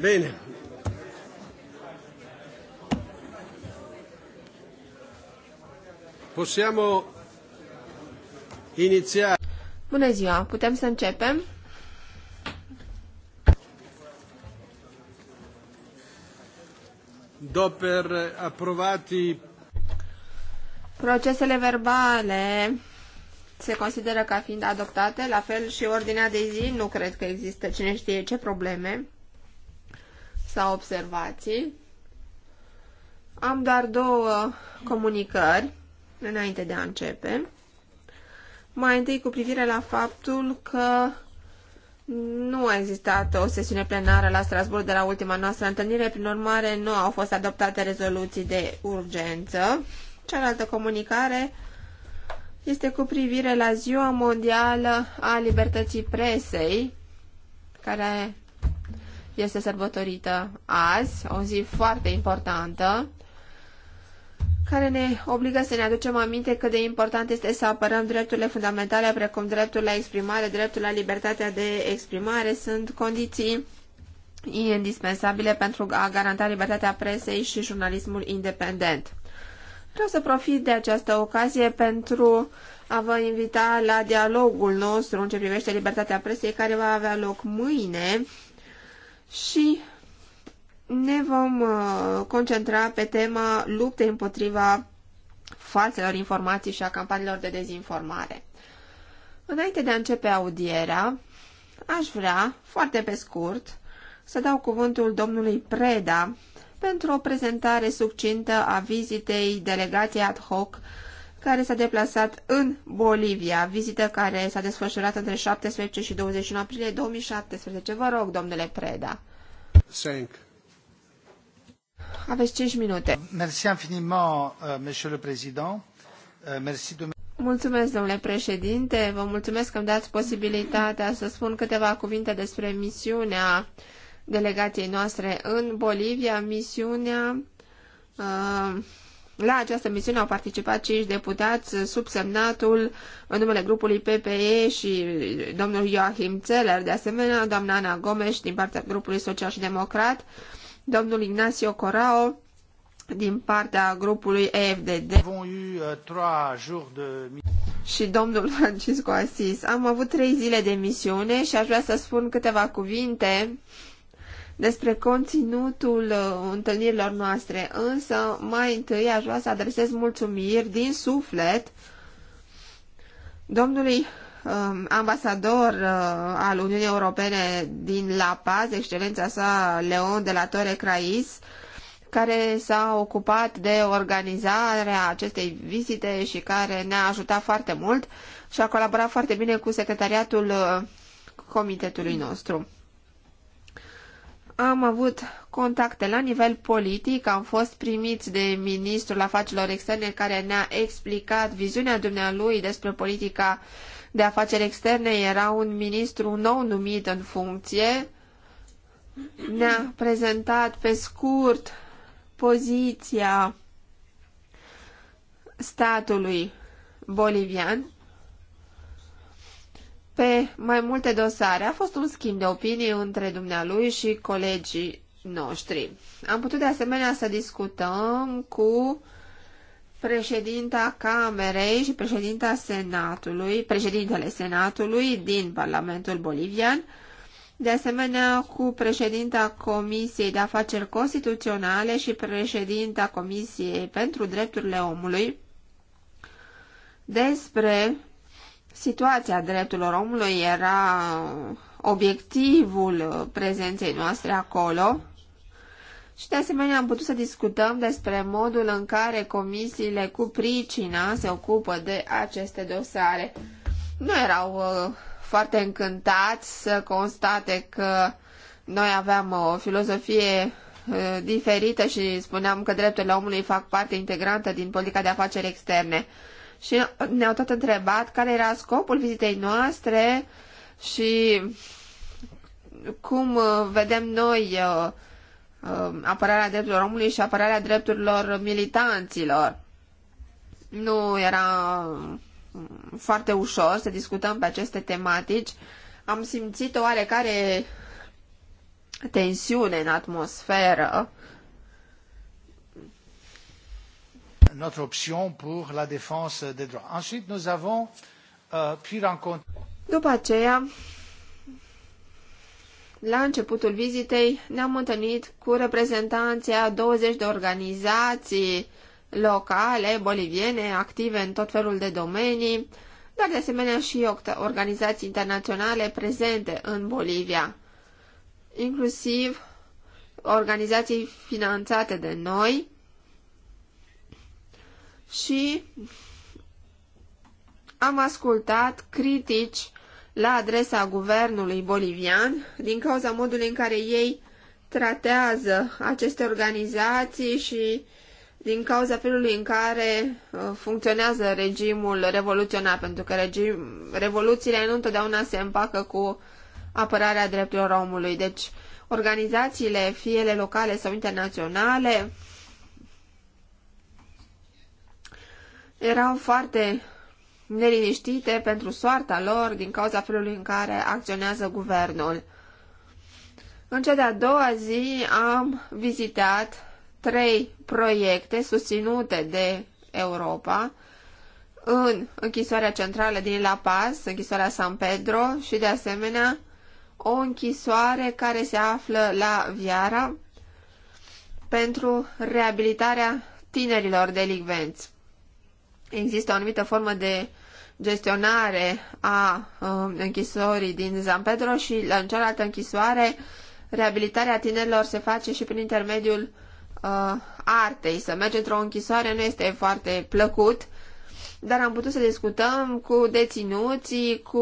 Bene. Possiamo iniziare. Bună ziua, putem să începem? Doper aprovati. Procesele verbale se consideră ca fiind adoptate, la fel și ordinea de zi, nu cred că există cine știe ce probleme sau observații. Am doar două comunicări înainte de a începe. Mai întâi cu privire la faptul că nu a existat o sesiune plenară la Strasbourg de la ultima noastră întâlnire, prin urmare nu au fost adoptate rezoluții de urgență. Cealaltă comunicare este cu privire la Ziua Mondială a Libertății Presei, care este sărbătorită azi, o zi foarte importantă, care ne obligă să ne aducem aminte cât de important este să apărăm drepturile fundamentale, precum dreptul la exprimare, dreptul la libertatea de exprimare, sunt condiții indispensabile pentru a garanta libertatea presei și jurnalismul independent. Vreau să profit de această ocazie pentru a vă invita la dialogul nostru în ce privește libertatea presei, care va avea loc mâine și ne vom uh, concentra pe tema luptei împotriva falselor informații și a campaniilor de dezinformare. Înainte de a începe audierea, aș vrea, foarte pe scurt, să dau cuvântul domnului Preda pentru o prezentare succintă a vizitei delegației ad hoc care s-a deplasat în Bolivia, vizită care s-a desfășurat între 17 și 21 aprilie 2017. Vă rog, domnule Preda. Cinq. Aveți 5 minute. Merci infiniment, euh, monsieur le président. Euh, merci de... Mulțumesc, domnule președinte. Vă mulțumesc că îmi dați posibilitatea să spun câteva cuvinte despre misiunea delegației noastre în Bolivia, misiunea uh, la această misiune au participat cinci deputați, semnatul în numele grupului PPE și domnul Joachim Zeller, de asemenea doamna Ana Gomes din partea grupului Social și Democrat, domnul Ignacio Corao din partea grupului EFDD uh, și domnul Francisco Asis. Am avut trei zile de misiune și aș vrea să spun câteva cuvinte despre conținutul uh, întâlnirilor noastre, însă mai întâi aș vrea să adresez mulțumiri din suflet domnului um, ambasador uh, al Uniunii Europene din La Paz, excelența sa Leon de la Torre Crais, care s-a ocupat de organizarea acestei vizite și care ne-a ajutat foarte mult și a colaborat foarte bine cu secretariatul uh, comitetului nostru am avut contacte la nivel politic, am fost primiți de ministrul afacerilor externe care ne-a explicat viziunea dumnealui despre politica de afaceri externe. Era un ministru nou numit în funcție. Ne-a prezentat pe scurt poziția statului bolivian pe mai multe dosare. A fost un schimb de opinii între dumnealui și colegii noștri. Am putut de asemenea să discutăm cu președinta Camerei și președinta Senatului, președintele Senatului din Parlamentul Bolivian, de asemenea cu președinta Comisiei de Afaceri Constituționale și președinta Comisiei pentru Drepturile Omului despre Situația drepturilor omului era obiectivul prezenței noastre acolo și de asemenea am putut să discutăm despre modul în care comisiile cu pricina se ocupă de aceste dosare. Nu erau uh, foarte încântați să constate că noi aveam o filozofie uh, diferită și spuneam că drepturile omului fac parte integrantă din politica de afaceri externe și ne-au tot întrebat care era scopul vizitei noastre și cum uh, vedem noi uh, uh, apărarea drepturilor omului și apărarea drepturilor militanților. Nu era um, foarte ușor să discutăm pe aceste tematici. Am simțit o oarecare tensiune în atmosferă notre option pour la défense des droits. Ensuite, nous avons euh, pu rencontrer... După aceea, la începutul vizitei, ne-am întâlnit cu reprezentanții a 20 de organizații locale boliviene active în tot felul de domenii, dar de asemenea și organizații internaționale prezente în Bolivia, inclusiv organizații finanțate de noi, și am ascultat critici la adresa guvernului bolivian din cauza modului în care ei tratează aceste organizații și din cauza felului în care uh, funcționează regimul revoluționar, pentru că regim, revoluțiile nu întotdeauna se împacă cu apărarea drepturilor omului. Deci, organizațiile, fie ele locale sau internaționale, erau foarte neliniștite pentru soarta lor din cauza felului în care acționează guvernul. În cea de-a doua zi am vizitat trei proiecte susținute de Europa în închisoarea centrală din La Paz, închisoarea San Pedro și de asemenea o închisoare care se află la Viara pentru reabilitarea tinerilor delicvenți există o anumită formă de gestionare a uh, închisorii din San Pedro și la în cealaltă închisoare reabilitarea tinerilor se face și prin intermediul uh, artei. Să mergi într-o închisoare nu este foarte plăcut, dar am putut să discutăm cu deținuții, cu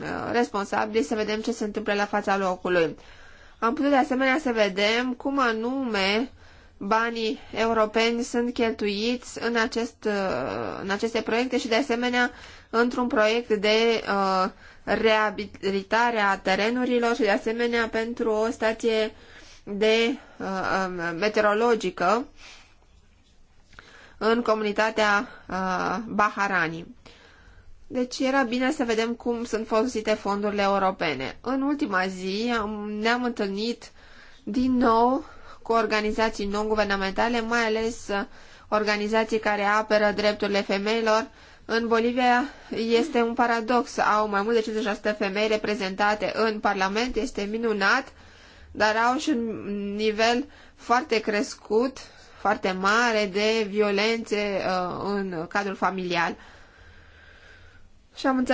uh, responsabili, să vedem ce se întâmplă la fața locului. Am putut de asemenea să vedem cum anume banii europeni sunt cheltuiți în, acest, uh, în aceste proiecte și, de asemenea, într-un proiect de uh, reabilitare a terenurilor și, de asemenea, pentru o stație de uh, um, meteorologică în comunitatea uh, Baharani. Deci era bine să vedem cum sunt folosite fondurile europene. În ultima zi ne-am întâlnit din nou cu organizații non-guvernamentale, mai ales uh, organizații care apără drepturile femeilor. În Bolivia este un paradox, au mai mult de 50% femei reprezentate în Parlament, este minunat, dar au și un nivel foarte crescut, foarte mare de violențe uh, în cadrul familial. Și am,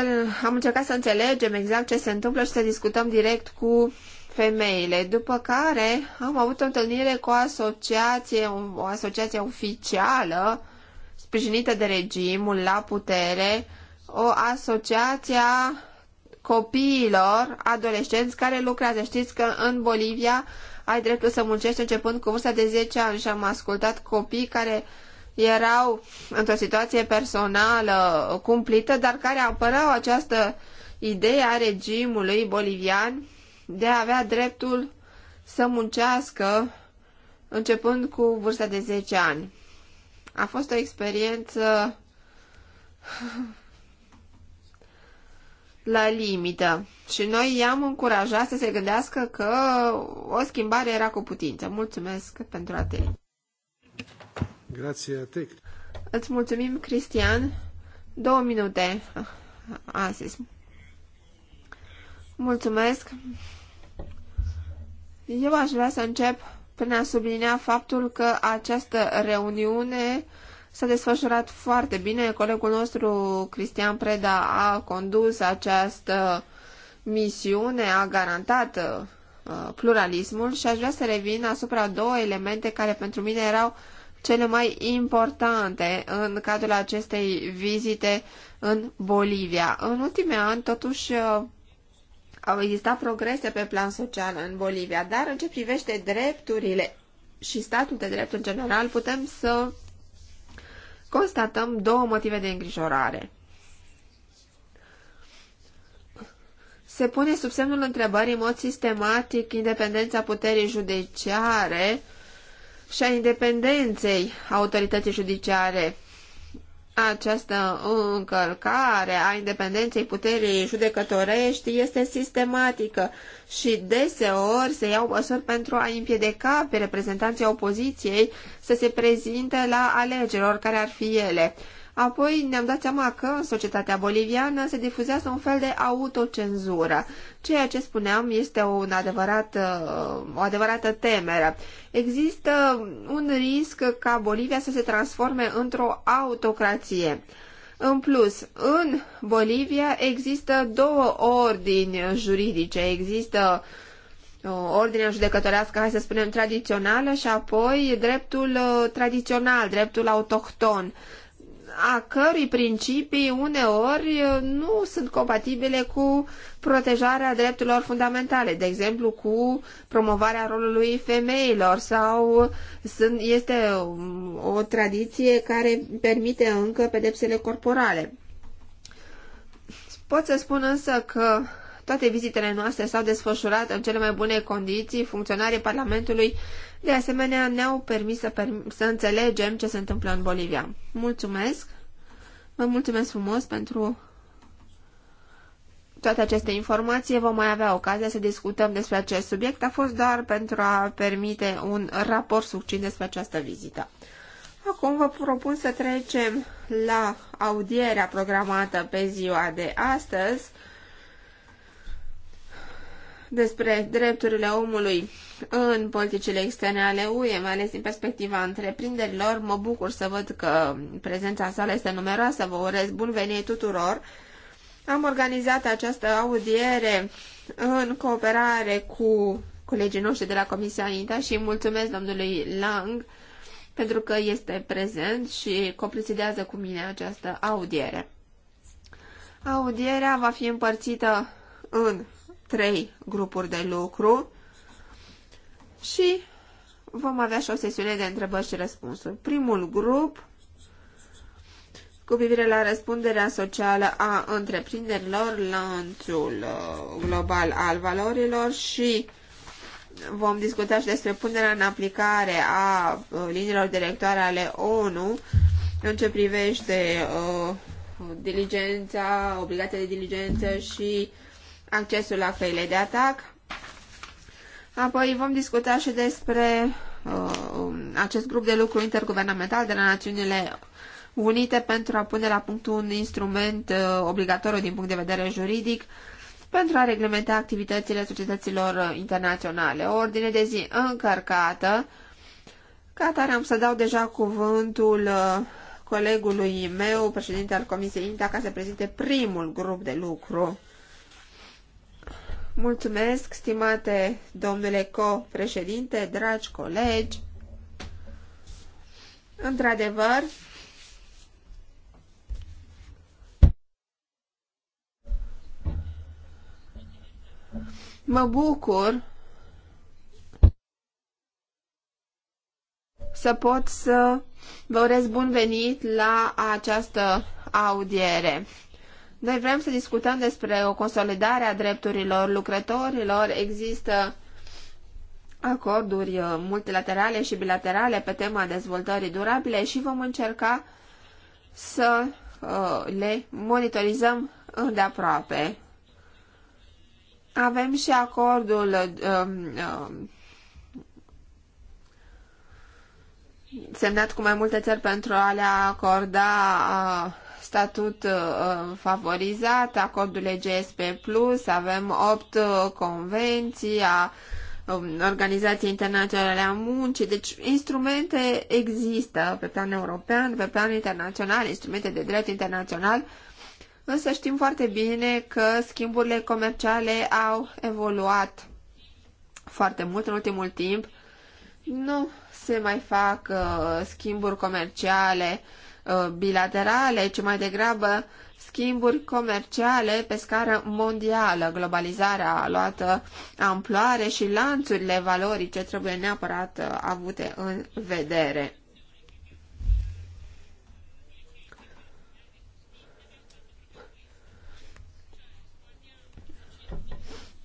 am încercat să înțelegem exact ce se întâmplă și să discutăm direct cu femeile, după care am avut o întâlnire cu o asociație, o asociație oficială sprijinită de regimul la putere, o asociație copiilor, adolescenți care lucrează. Știți că în Bolivia ai dreptul să muncești începând cu vârsta de 10 ani și am ascultat copii care erau într-o situație personală cumplită, dar care apărau această idee a regimului bolivian de a avea dreptul să muncească începând cu vârsta de 10 ani. A fost o experiență la limită și noi i-am încurajat să se gândească că o schimbare era cu putință. Mulțumesc pentru atenție. Grație a te. Îți mulțumim, Cristian. Două minute. Azi. Ah, ah, Mulțumesc. Eu aș vrea să încep prin a sublinia faptul că această reuniune s-a desfășurat foarte bine. Colegul nostru, Cristian Preda, a condus această misiune, a garantat uh, pluralismul și aș vrea să revin asupra două elemente care pentru mine erau cele mai importante în cadrul acestei vizite în Bolivia. În ultimii ani, totuși, uh, au existat progrese pe plan social în Bolivia, dar în ce privește drepturile și statul de drept în general, putem să constatăm două motive de îngrijorare. Se pune sub semnul întrebării în mod sistematic independența puterii judiciare și a independenței autorității judiciare această încălcare a independenței puterii judecătorești este sistematică și deseori se iau măsuri pentru a împiedica pe reprezentanții opoziției să se prezinte la alegerilor care ar fi ele. Apoi ne-am dat seama că în societatea boliviană se difuzează un fel de autocenzură. Ceea ce spuneam este un adevărat, uh, o adevărată temere. Există un risc ca Bolivia să se transforme într-o autocrație. În plus, în Bolivia există două ordini juridice. Există uh, ordinea judecătorească, hai să spunem, tradițională și apoi dreptul uh, tradițional, dreptul autohton a cărui principii uneori uh, nu sunt compatibile cu protejarea drepturilor fundamentale, de exemplu cu promovarea rolului femeilor sau sunt, este um, o tradiție care permite încă pedepsele corporale. Pot să spun însă că toate vizitele noastre s-au desfășurat în cele mai bune condiții, funcționarii Parlamentului de asemenea, ne-au permis să, per să înțelegem ce se întâmplă în Bolivia. Mulțumesc! Vă mulțumesc frumos pentru toate aceste informații. Vom mai avea ocazia să discutăm despre acest subiect. A fost doar pentru a permite un raport succint despre această vizită. Acum vă propun să trecem la audierea programată pe ziua de astăzi despre drepturile omului în politicile externe ale UE, mai ales din perspectiva întreprinderilor. Mă bucur să văd că prezența sa este numeroasă. Vă urez bun venit tuturor. Am organizat această audiere în cooperare cu colegii noștri de la Comisia Anita și mulțumesc domnului Lang pentru că este prezent și copresidează cu mine această audiere. Audierea va fi împărțită în trei grupuri de lucru și vom avea și o sesiune de întrebări și răspunsuri. Primul grup cu privire la răspunderea socială a întreprinderilor, lanțul uh, global al valorilor și vom discuta și despre punerea în aplicare a uh, liniilor directoare ale ONU în ce privește uh, diligența, obligația de diligență și accesul la căile de atac. Apoi vom discuta și despre uh, acest grup de lucru interguvernamental de la Națiunile Unite pentru a pune la punct un instrument uh, obligatoriu din punct de vedere juridic pentru a reglementa activitățile societăților uh, internaționale. O ordine de zi încărcată. Ca atare am să dau deja cuvântul uh, colegului meu, președinte al Comisiei INTA, ca să prezinte primul grup de lucru. Mulțumesc, stimate domnule co-președinte, dragi colegi. Într-adevăr, mă bucur să pot să vă urez bun venit la această audiere. Noi vrem să discutăm despre o consolidare a drepturilor lucrătorilor. Există acorduri uh, multilaterale și bilaterale pe tema dezvoltării durabile și vom încerca să uh, le monitorizăm îndeaproape. Avem și acordul uh, um, semnat cu mai multe țări pentru a le acorda statut uh, favorizat, acordurile GSP+, avem opt uh, convenții a um, Organizației Internaționale a Muncii, deci instrumente există pe plan european, pe plan internațional, instrumente de drept internațional, însă știm foarte bine că schimburile comerciale au evoluat foarte mult în ultimul timp. Nu se mai fac uh, schimburi comerciale uh, Uh, bilaterale, ci mai degrabă schimburi comerciale pe scară mondială. Globalizarea a luat uh, amploare și lanțurile valorice trebuie neapărat uh, avute în vedere.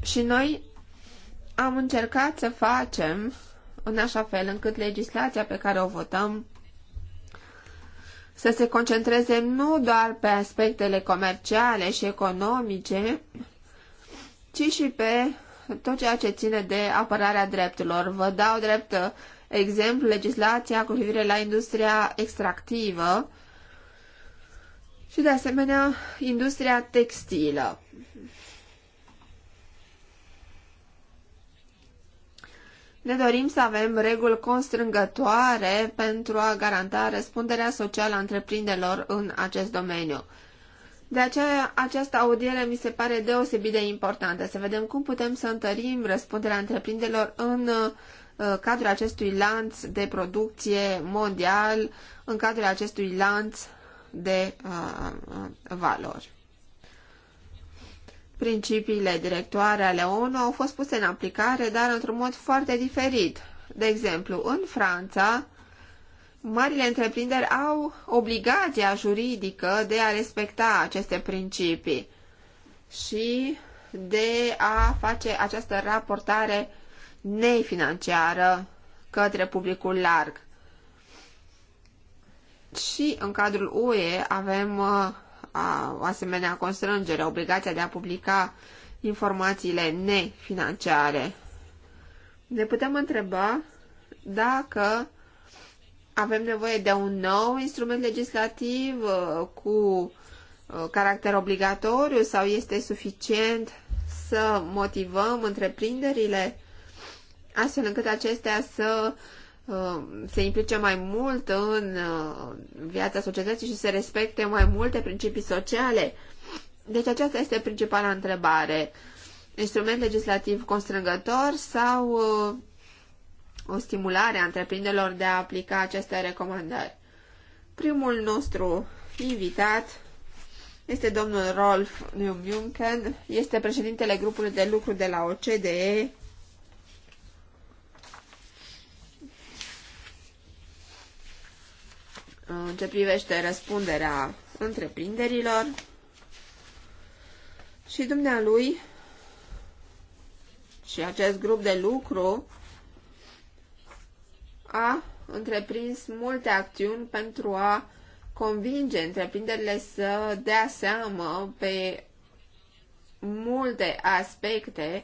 Și noi am încercat să facem în așa fel încât legislația pe care o votăm să se concentreze nu doar pe aspectele comerciale și economice, ci și pe tot ceea ce ține de apărarea drepturilor. Vă dau drept exemplu legislația cu privire la industria extractivă și, de asemenea, industria textilă. Ne dorim să avem reguli constrângătoare pentru a garanta răspunderea socială a întreprinderilor în acest domeniu. De aceea, această audiere mi se pare deosebit de importantă, să vedem cum putem să întărim răspunderea întreprinderilor în uh, cadrul acestui lanț de producție mondial, în cadrul acestui lanț de uh, uh valori. Principiile directoare ale ONU au fost puse în aplicare, dar într-un mod foarte diferit. De exemplu, în Franța, marile întreprinderi au obligația juridică de a respecta aceste principii și de a face această raportare nefinanciară către publicul larg. Și în cadrul UE avem uh, a, o asemenea constrângere, obligația de a publica informațiile nefinanciare, ne putem întreba dacă avem nevoie de un nou instrument legislativ uh, cu uh, caracter obligatoriu sau este suficient să motivăm întreprinderile astfel încât acestea să uh, Uh, se implice mai mult în uh, viața societății și se respecte mai multe principii sociale? Deci aceasta este principala întrebare. Instrument legislativ constrângător sau uh, o stimulare a întreprinderilor de a aplica aceste recomandări? Primul nostru invitat este domnul Rolf Neumjunken, este președintele grupului de lucru de la OCDE în ce privește răspunderea întreprinderilor și dumnealui și acest grup de lucru a întreprins multe acțiuni pentru a convinge întreprinderile să dea seamă pe multe aspecte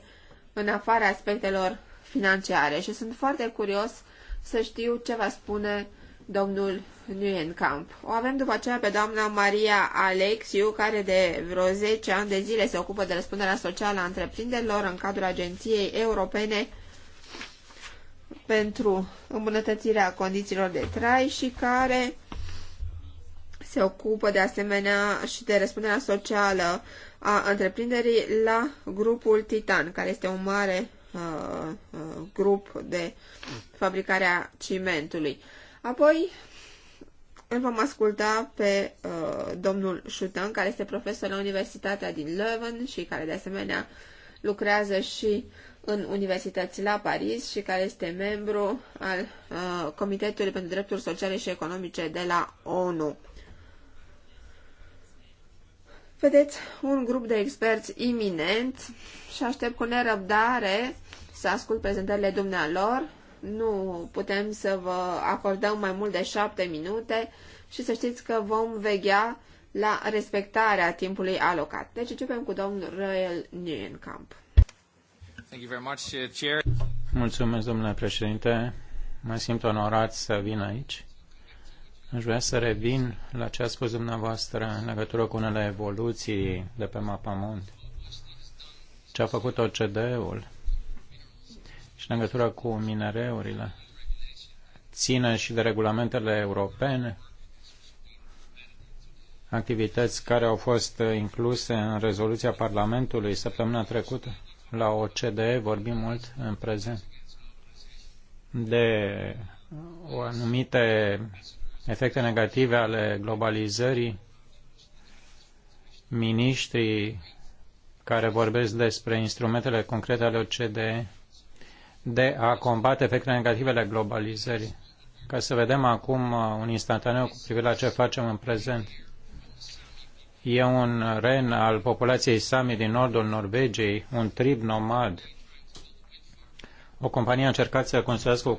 în afara aspectelor financiare și sunt foarte curios să știu ce va spune domnul Nuenkamp. O avem după aceea pe doamna Maria Alexiu, care de vreo 10 ani de zile se ocupă de răspunderea socială a întreprinderilor în cadrul Agenției Europene pentru îmbunătățirea condițiilor de trai și care se ocupă de asemenea și de răspunderea socială a întreprinderii la grupul Titan, care este un mare uh, uh, grup de fabricare a cimentului. Apoi îl vom asculta pe uh, domnul Șutan, care este profesor la Universitatea din Leuven și care de asemenea lucrează și în universități la Paris și care este membru al uh, Comitetului pentru Drepturi Sociale și Economice de la ONU. Vedeți un grup de experți iminent și aștept cu nerăbdare să ascult prezentările dumnealor nu putem să vă acordăm mai mult de șapte minute și să știți că vom veghea la respectarea timpului alocat. Deci începem cu domnul Royal Nierenkamp. Thank you very much, uh, Chair. Mulțumesc, domnule președinte. Mă simt onorat să vin aici. Aș vrea să revin la ce a spus dumneavoastră în legătură cu unele evoluții de pe mapamont. Ce a făcut OCD-ul și în legătură cu minereurile. Ține și de regulamentele europene, activități care au fost incluse în rezoluția Parlamentului săptămâna trecută. La OCDE vorbim mult în prezent de o anumite efecte negative ale globalizării. Miniștrii care vorbesc despre instrumentele concrete ale OCDE de a combate efectele negative ale globalizării. Ca să vedem acum uh, un instantaneu cu privire la ce facem în prezent. E un ren al populației Sami din nordul Norvegiei, un trib nomad. O companie a încercat să construiască o,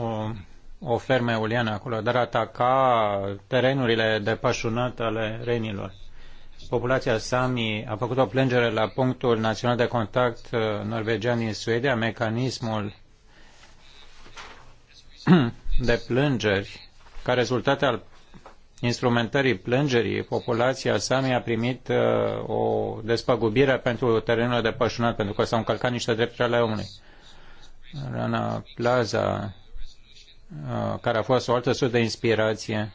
o, o fermă eoliană acolo, dar ataca terenurile de pășunat ale renilor populația Sami a făcut o plângere la punctul național de contact uh, norvegian din Suedia, mecanismul de plângeri, ca rezultat al instrumentării plângerii, populația Sami a primit uh, o despăgubire pentru terenul de pășunat, pentru că s-au încălcat niște drepturi ale omului. Rana Plaza, uh, care a fost o altă sursă de inspirație,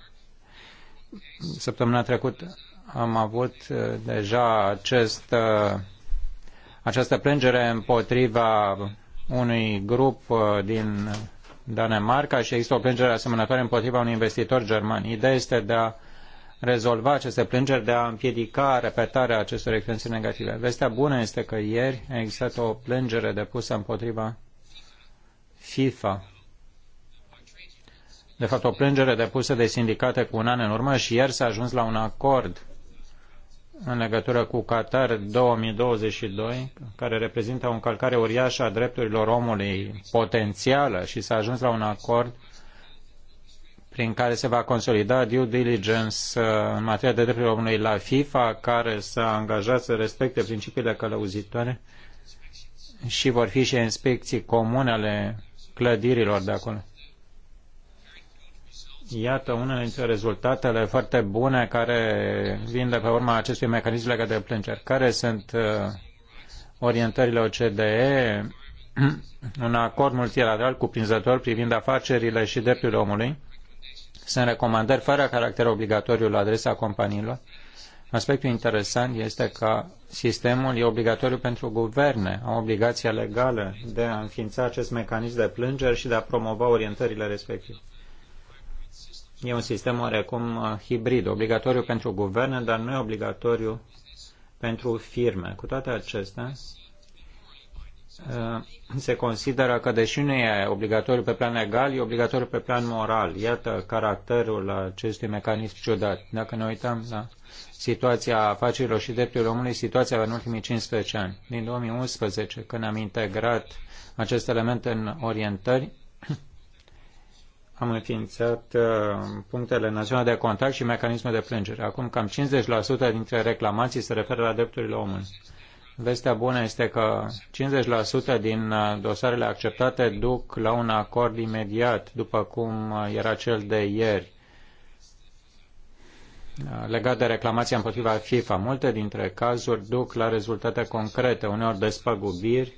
săptămâna trecută am avut uh, deja acest, uh, această plângere împotriva unui grup uh, din Danemarca și există o plângere asemănătoare împotriva unui investitor german. Ideea este de a rezolva aceste plângeri, de a împiedica repetarea acestor experiențe negative. Vestea bună este că ieri a existat o plângere depusă împotriva FIFA. De fapt, o plângere depusă de sindicate cu un an în urmă și ieri s-a ajuns la un acord în legătură cu Qatar 2022, care reprezintă o încălcare uriașă a drepturilor omului potențială și s-a ajuns la un acord prin care se va consolida due diligence uh, în materie de drepturile omului la FIFA, care s-a angajat să respecte principiile călăuzitoare și vor fi și inspecții comune ale clădirilor de acolo. Iată unele dintre rezultatele foarte bune care vin de pe urma acestui mecanism legat de plângeri. Care sunt uh, orientările OCDE? Un acord multilateral cuprinzător privind afacerile și drepturile omului. Sunt recomandări fără caracter obligatoriu la adresa companiilor. Aspectul interesant este că sistemul e obligatoriu pentru guverne, au obligația legală de a înființa acest mecanism de plângeri și de a promova orientările respective. E un sistem oarecum uh, hibrid, obligatoriu pentru guverne, dar nu e obligatoriu pentru firme. Cu toate acestea, uh, se consideră că deși nu e obligatoriu pe plan legal, e obligatoriu pe plan moral. Iată caracterul acestui mecanism ciudat. Dacă ne uităm la situația afacerilor și drepturilor omului, situația în ultimii 15 ani. Din 2011, când am integrat acest element în orientări, am înființat uh, punctele naționale de contact și mecanisme de plângere. Acum cam 50% dintre reclamații se referă la drepturile omului. Vestea bună este că 50% din uh, dosarele acceptate duc la un acord imediat, după cum uh, era cel de ieri, legat de reclamația împotriva FIFA. Multe dintre cazuri duc la rezultate concrete, uneori despăgubiri,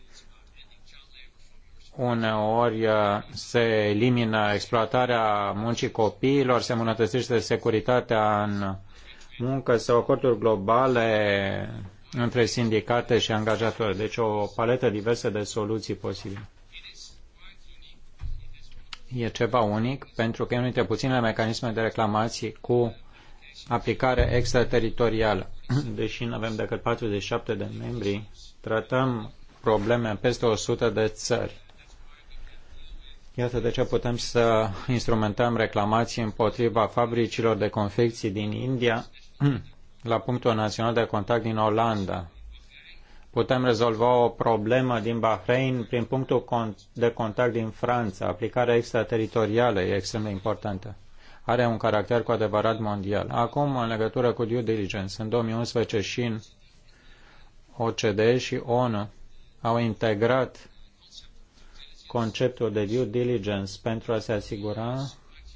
uneori uh, se elimină exploatarea muncii copiilor, se îmbunătățește securitatea în muncă sau acorduri globale între sindicate și angajatori. Deci o paletă diversă de soluții posibile. E ceva unic pentru că e unul dintre puținele mecanisme de reclamații cu aplicare extrateritorială. Deși nu avem decât 47 de membri, tratăm probleme în peste 100 de țări Iată de ce putem să instrumentăm reclamații împotriva fabricilor de confecții din India la punctul național de contact din Olanda. Putem rezolva o problemă din Bahrain prin punctul de contact din Franța. Aplicarea extrateritorială e extrem de importantă. Are un caracter cu adevărat mondial. Acum, în legătură cu due diligence, în 2011 și în OCDE și ONU au integrat conceptul de due diligence pentru a se asigura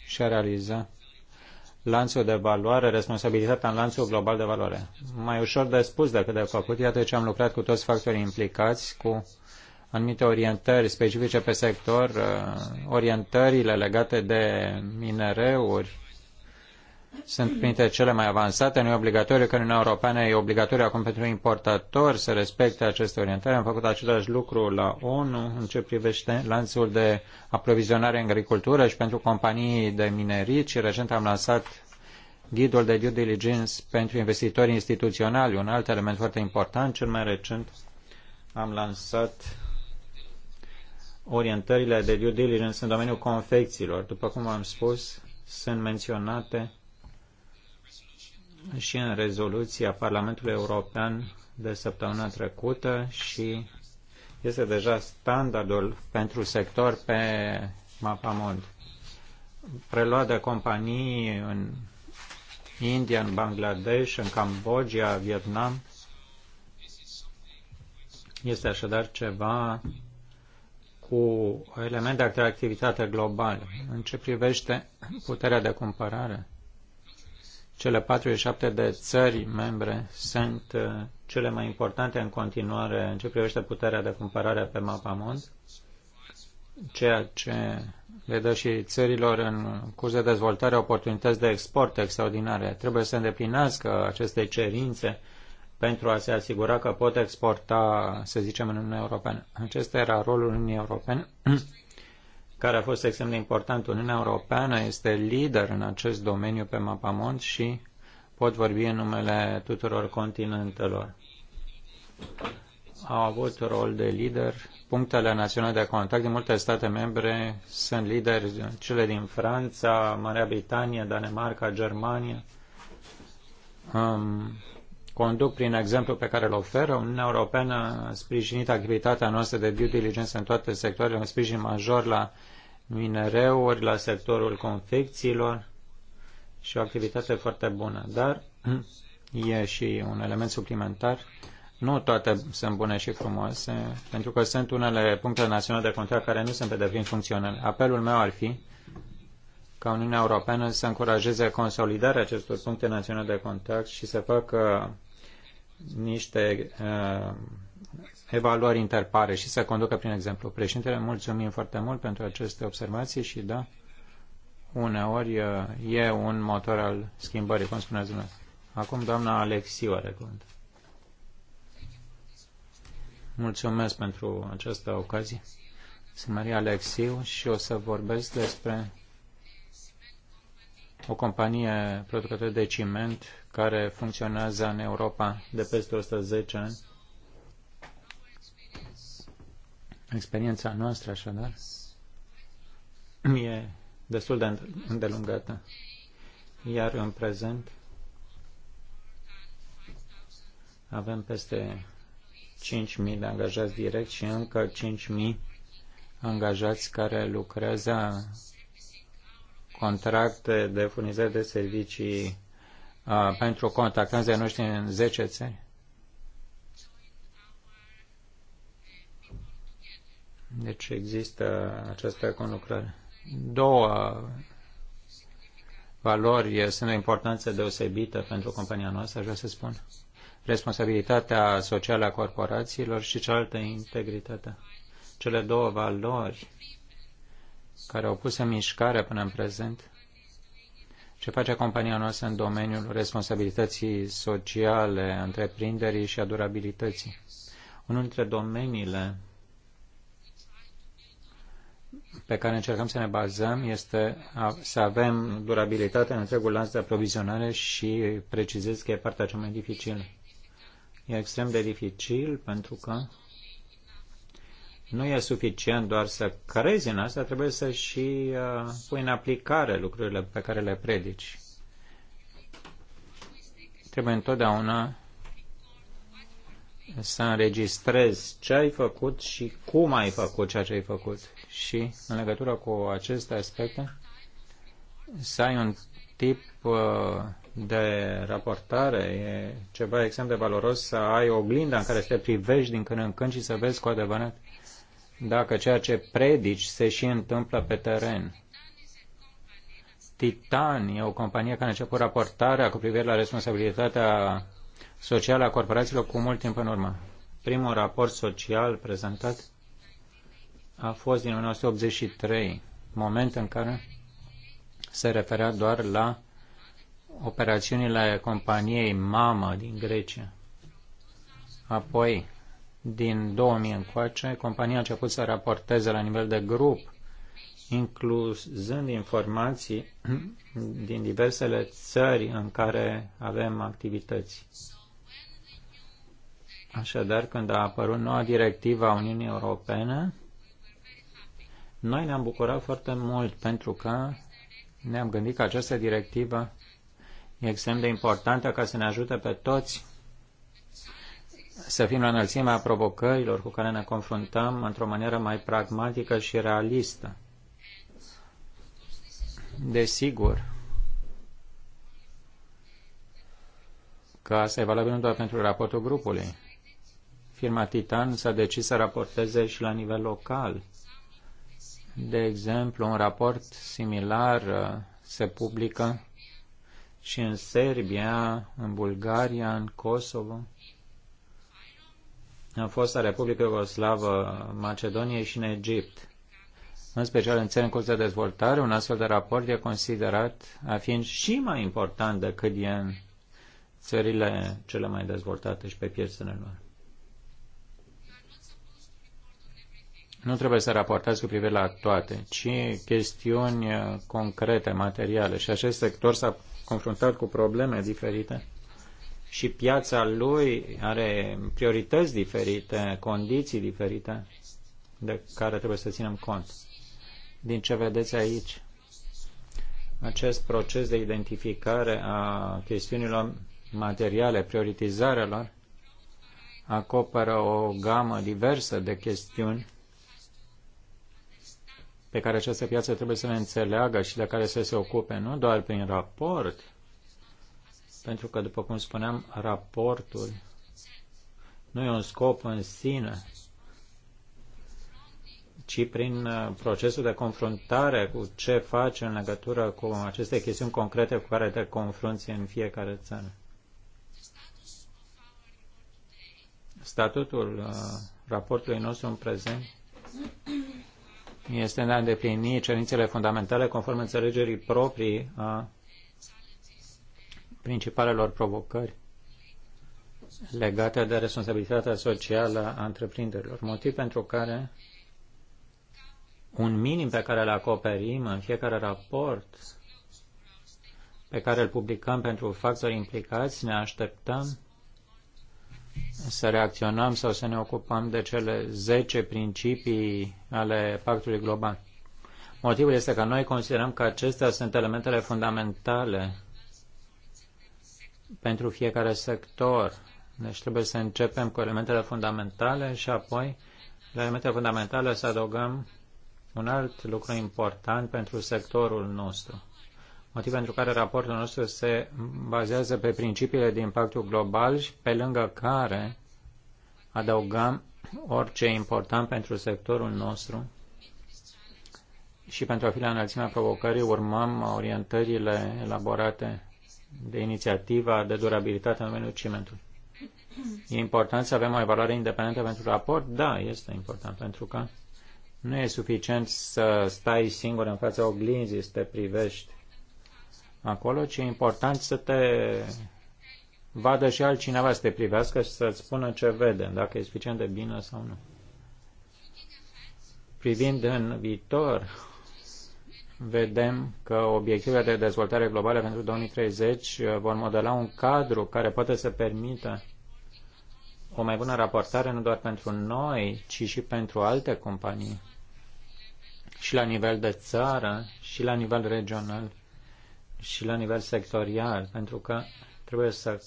și a realiza lanțul de valoare, responsabilitatea în lanțul global de valoare. Mai ușor de spus decât de făcut, iată ce am lucrat cu toți factorii implicați, cu anumite orientări specifice pe sector, orientările legate de minereuri, sunt printre cele mai avansate, nu e obligatoriu că Uniunea Europeană e obligatoriu acum pentru importatori să respecte aceste orientări. Am făcut același lucru la ONU în ce privește lanțul de aprovizionare în agricultură și pentru companii de minerit și recent am lansat ghidul de due diligence pentru investitori instituționali, un alt element foarte important. Cel mai recent am lansat orientările de due diligence în domeniul confecțiilor. După cum am spus, sunt menționate și în rezoluția Parlamentului European de săptămâna trecută și este deja standardul pentru sector pe Mapamond. Preluat de companii în India, în Bangladesh, în Cambodgia, Vietnam. Este așadar ceva cu element de activitate globală. În ce privește puterea de cumpărare, cele 47 de țări membre sunt uh, cele mai importante în continuare în ce privește puterea de cumpărare pe mapa mond. ceea ce le dă și țărilor în curs de dezvoltare oportunități de export extraordinare. Trebuie să îndeplinească aceste cerințe pentru a se asigura că pot exporta, să zicem, în Uniunea Europeană. Acesta era rolul Uniunii Europene care a fost extrem de important. Uniunea Europeană este lider în acest domeniu pe mapamont și pot vorbi în numele tuturor continentelor. Au avut rol de lider. Punctele naționale de contact din multe state membre sunt lideri, cele din Franța, Marea Britanie, Danemarca, Germania. Um, conduc prin exemplu pe care îl oferă. Uniunea Europeană a sprijinit activitatea noastră de due diligence în toate sectoarele, un sprijin major la uh, minereuri, la sectorul confecțiilor și o activitate foarte bună. Dar e și un element suplimentar. Nu toate sunt bune și frumoase, pentru că sunt unele puncte naționale de contact care nu sunt pe deplin funcționale. Apelul meu ar fi ca Uniunea Europeană să încurajeze consolidarea acestor puncte naționale de contact și să facă niște uh, evaluări interpare și să conducă prin exemplu. Președintele, mulțumim foarte mult pentru aceste observații și da, uneori uh, e un motor al schimbării, cum spuneți dumneavoastră. Acum doamna Alexiu are cuvânt. Mulțumesc pentru această ocazie. Sunt Maria Alexiu și o să vorbesc despre o companie producătoare de ciment care funcționează în Europa de peste 110 ani Experiența noastră, așadar, e destul de îndelungată. Iar în prezent avem peste 5.000 de angajați direct și încă 5.000 angajați care lucrează contracte de furnizare de servicii uh, pentru contactanții noștri în 10 țări Deci există această conlucrare. Două valori sunt de importanță deosebită pentru compania noastră, aș vrea să spun. Responsabilitatea socială a corporațiilor și cealaltă integritate. Cele două valori care au pus în mișcare până în prezent ce face compania noastră în domeniul responsabilității sociale, întreprinderii și a durabilității. Unul dintre domeniile pe care încercăm să ne bazăm este a, să avem durabilitate în întregul lanț de aprovizionare și precizez că e partea cea mai dificilă. E extrem de dificil pentru că nu e suficient doar să crezi în asta, trebuie să și uh, pui în aplicare lucrurile pe care le predici. Trebuie întotdeauna să înregistrezi ce ai făcut și cum ai făcut ceea ce ai făcut și în legătură cu aceste aspecte să ai un tip uh, de raportare, e ceva extrem de valoros să ai oglinda în care să te privești din când în când și să vezi cu adevărat dacă ceea ce predici se și întâmplă pe teren. Titan e o companie care a început raportarea cu privire la responsabilitatea socială a corporațiilor cu mult timp în urmă. Primul raport social prezentat a fost din 1983, moment în care se referea doar la operațiunile companiei Mama din Grecia. Apoi, din 2000 încoace, compania a început să raporteze la nivel de grup, incluzând informații din diversele țări în care avem activități. Așadar, când a apărut noua directivă a Uniunii Europene, noi ne-am bucurat foarte mult pentru că ne-am gândit că această directivă e extrem de importantă ca să ne ajute pe toți să fim la înălțimea provocărilor cu care ne confruntăm într-o manieră mai pragmatică și realistă. Desigur că asta e valabil nu doar pentru raportul grupului. Firma Titan s-a decis să raporteze și la nivel local – de exemplu, un raport similar uh, se publică și în Serbia, în Bulgaria, în Kosovo, în fosta Republica Iugoslavă, Macedonie și în Egipt. În special în țări în curs de dezvoltare, un astfel de raport e considerat a fiind și mai important decât e în țările cele mai dezvoltate și pe piețele lor. nu trebuie să raportați cu privire la toate, ci chestiuni uh, concrete, materiale. Și acest sector s-a confruntat cu probleme diferite și piața lui are priorități diferite, condiții diferite de care trebuie să ținem cont. Din ce vedeți aici, acest proces de identificare a chestiunilor materiale, prioritizarea lor, acoperă o gamă diversă de chestiuni pe care această piață trebuie să le înțeleagă și de care să se ocupe, nu doar prin raport, pentru că, după cum spuneam, raportul nu e un scop în sine, ci prin uh, procesul de confruntare cu ce faci în legătură cu aceste chestiuni concrete cu care te confrunți în fiecare țară. Statutul uh, raportului nostru în prezent este de a îndeplini cerințele fundamentale conform înțelegerii proprii a principalelor provocări legate de responsabilitatea socială a întreprinderilor, motiv pentru care un minim pe care îl acoperim în fiecare raport pe care îl publicăm pentru factorii implicați, ne așteptăm să reacționăm sau să ne ocupăm de cele 10 principii ale pactului global. Motivul este că noi considerăm că acestea sunt elementele fundamentale pentru fiecare sector. Deci trebuie să începem cu elementele fundamentale și apoi la elementele fundamentale să adăugăm un alt lucru important pentru sectorul nostru motiv pentru care raportul nostru se bazează pe principiile de impact global și pe lângă care adăugăm orice important pentru sectorul nostru și pentru a fi la înălțimea provocării urmăm orientările elaborate de inițiativa de durabilitate în domeniul cimentului. E important să avem o evaluare independentă pentru raport? Da, este important, pentru că nu e suficient să stai singur în fața oglinzii, să te privești acolo, ci e important să te vadă și altcineva să te privească și să-ți spună ce vede, dacă e suficient de bine sau nu. Privind în viitor, vedem că obiectivele de dezvoltare globală pentru 2030 uh, vor modela un cadru care poate să permită o mai bună raportare nu doar pentru noi, ci și pentru alte companii, și la nivel de țară, și la nivel regional și la nivel sectorial, pentru că trebuie să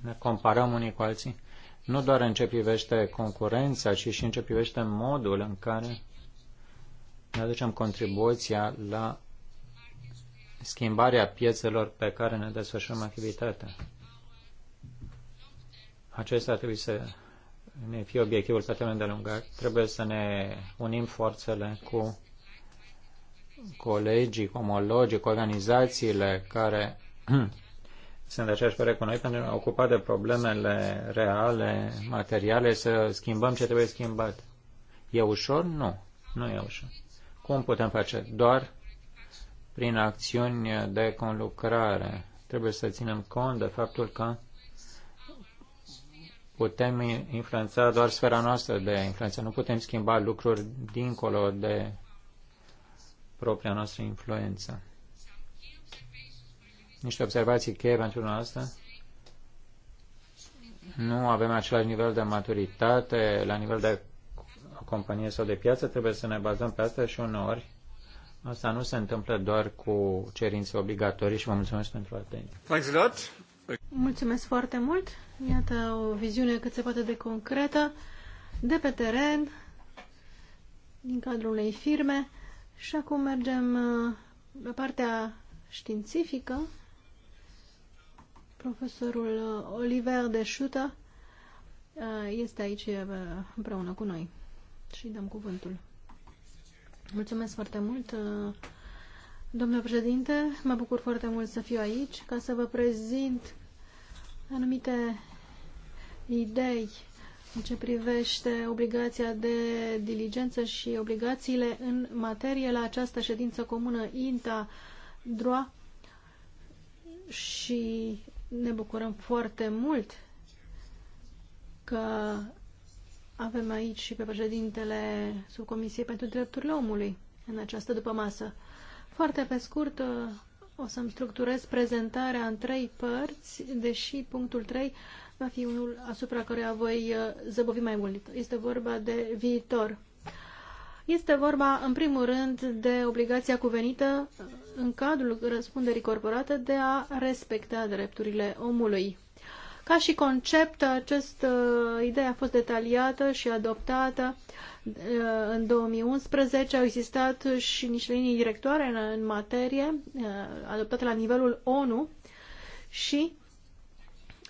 ne comparăm unii cu alții, nu doar în ce privește concurența, ci și în ce privește modul în care ne aducem contribuția la schimbarea piețelor pe care ne desfășurăm activitatea. Acesta trebuie să ne fie obiectivul pe termen de lungă. Trebuie să ne unim forțele cu colegii, cu omologii, cu organizațiile care sunt de aceeași părere cu noi pentru a ocupa de problemele reale, materiale, să schimbăm ce trebuie schimbat. E ușor? Nu. Nu e ușor. Cum putem face? Doar prin acțiuni de conlucrare. Trebuie să ținem cont de faptul că putem influența doar sfera noastră de influență. Nu putem schimba lucruri dincolo de propria noastră influență. Niște observații cheie pentru noastră. Nu avem același nivel de maturitate la nivel de companie sau de piață, trebuie să ne bazăm pe asta și uneori asta nu se întâmplă doar cu cerințe obligatorii și vă mulțumesc pentru atenție. Mulțumesc foarte mult. Iată o viziune cât se poate de concretă de pe teren, din cadrul unei firme. Și acum mergem uh, la partea științifică. Profesorul uh, Oliver de Schutter uh, este aici împreună cu noi și dăm cuvântul. Mulțumesc foarte mult, domnule președinte. Mă bucur foarte mult să fiu aici ca să vă prezint anumite idei în ce privește obligația de diligență și obligațiile în materie la această ședință comună INTA DROA și ne bucurăm foarte mult că avem aici și pe președintele Subcomisiei pentru Drepturile Omului în această dupămasă. Foarte pe scurt, o să-mi structurez prezentarea în trei părți, deși punctul 3 va fi unul asupra căruia voi uh, zăbovi mai mult. Este vorba de viitor. Este vorba, în primul rând, de obligația cuvenită uh, în cadrul răspunderii corporate de a respecta drepturile omului. Ca și concept, această uh, idee a fost detaliată și adoptată în 2011. Au existat și niște linii directoare în, materie, adoptate la nivelul ONU și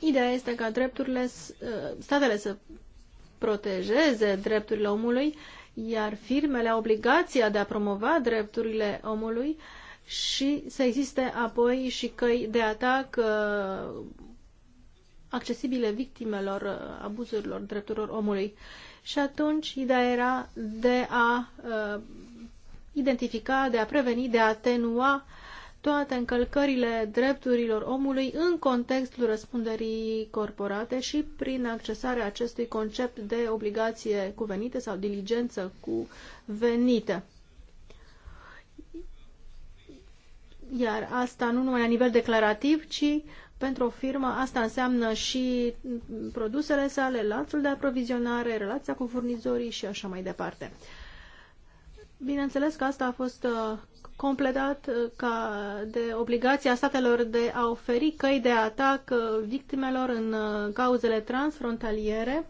Ideea este ca drepturile, uh, statele să protejeze drepturile omului, iar firmele au obligația de a promova drepturile omului și să existe apoi și căi de atac uh, accesibile victimelor uh, abuzurilor drepturilor omului. Și atunci ideea era de a uh, identifica, de a preveni, de a atenua uh, toate încălcările drepturilor omului în contextul răspunderii corporate și prin accesarea acestui concept de obligație cuvenită sau diligență cuvenită. Iar asta nu numai la nivel declarativ, ci pentru o firmă asta înseamnă și produsele sale, lanțul de aprovizionare, relația cu furnizorii și așa mai departe. Bineînțeles că asta a fost uh, completat uh, ca de obligația statelor de a oferi căi de atac uh, victimelor în uh, cauzele transfrontaliere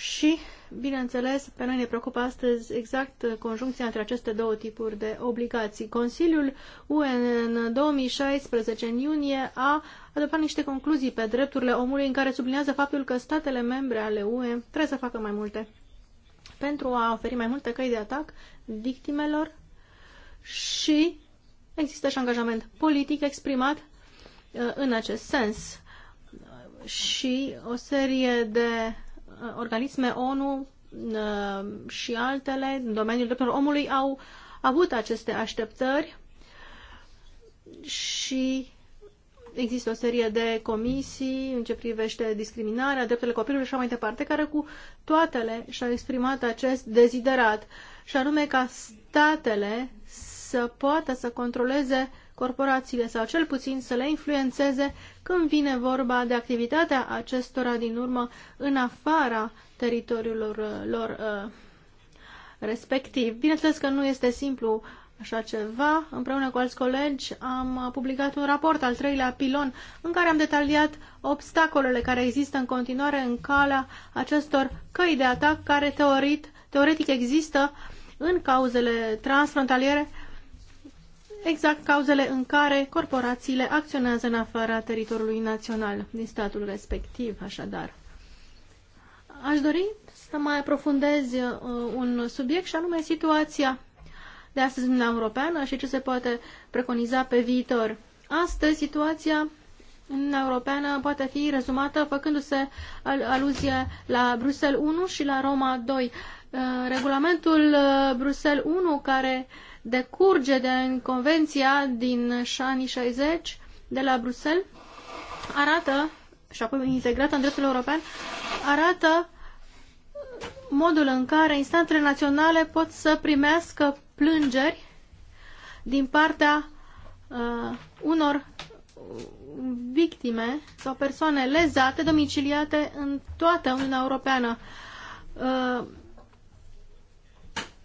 și, bineînțeles, pe noi ne preocupă astăzi exact conjuncția între aceste două tipuri de obligații. Consiliul UE în 2016, în iunie, a adoptat niște concluzii pe drepturile omului în care sublinează faptul că statele membre ale UE trebuie să facă mai multe pentru a oferi mai multe căi de atac victimelor și există și angajament politic exprimat uh, în acest sens și o serie de uh, organisme ONU uh, și altele în domeniul drepturilor omului au avut aceste așteptări și există o serie de comisii în ce privește discriminarea, drepturile copilului și așa mai departe, care cu toatele și-au exprimat acest deziderat, și anume ca statele să poată să controleze corporațiile sau cel puțin să le influențeze când vine vorba de activitatea acestora din urmă în afara teritoriilor uh, lor uh, respectiv. Bineînțeles că nu este simplu așa ceva. Împreună cu alți colegi am publicat un raport al treilea pilon în care am detaliat obstacolele care există în continuare în calea acestor căi de atac care teorit, teoretic există în cauzele transfrontaliere, exact cauzele în care corporațiile acționează în afara teritoriului național din statul respectiv, așadar. Aș dori să mai aprofundez uh, un subiect și anume situația de astăzi în Uniunea Europeană și ce se poate preconiza pe viitor. Astăzi, situația în Uniunea Europeană poate fi rezumată făcându-se aluzie la Bruxelles 1 și la Roma 2. Uh, regulamentul uh, Bruxelles 1, care decurge din convenția din anii 60 de la Bruxelles, arată, și apoi integrată în dreptul european, arată modul în care instanțele naționale pot să primească plângeri din partea uh, unor uh, victime sau persoane lezate, domiciliate în toată Uniunea Europeană uh,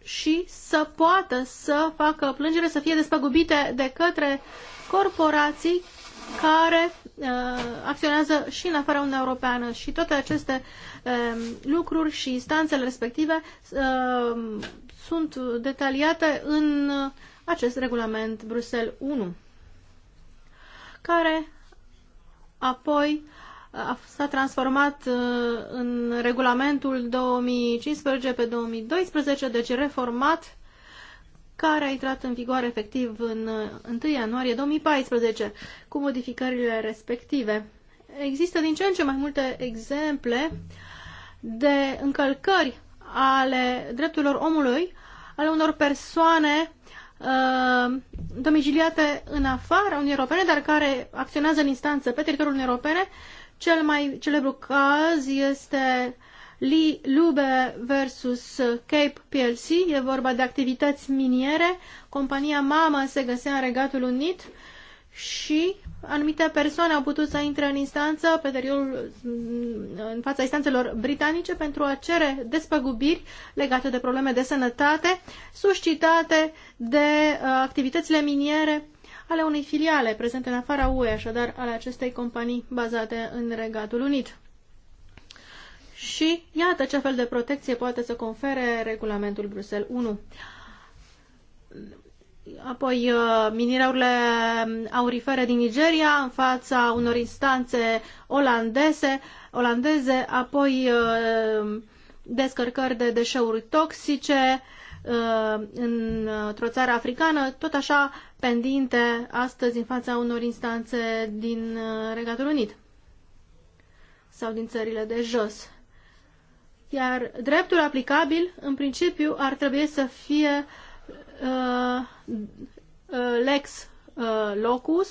și să poată să facă plângere, să fie despăgubite de către corporații care uh, acționează și în afara Uniunii Europeană și toate aceste uh, lucruri și instanțele respective uh, sunt detaliate în uh, acest regulament Bruxelles 1, care apoi uh, s-a transformat uh, în regulamentul 2015 pe 2012, deci reformat, care a intrat în vigoare efectiv în 1 ianuarie 2014, cu modificările respective. Există din ce în ce mai multe exemple de încălcări ale drepturilor omului ale unor persoane uh, domiciliate în afara Uniunii Europene, dar care acționează în instanță pe teritoriul Uniunii Europene. Cel mai celebru caz este Lee Lube versus Cape PLC. E vorba de activități miniere. Compania Mama se găsea în Regatul Unit și anumite persoane au putut să intre în instanță, pe teriul, în fața instanțelor britanice, pentru a cere despăgubiri legate de probleme de sănătate suscitate de uh, activitățile miniere ale unei filiale prezente în afara UE, așadar ale acestei companii bazate în Regatul Unit. Și iată ce fel de protecție poate să confere regulamentul Bruxelles 1 apoi uh, minereurile aurifere din Nigeria în fața unor instanțe olandeze, olandeze apoi uh, descărcări de deșeuri toxice uh, într-o țară africană, tot așa pendinte astăzi în fața unor instanțe din Regatul Unit sau din țările de jos. Iar dreptul aplicabil, în principiu, ar trebui să fie uh, Uh, uh, lex uh, locus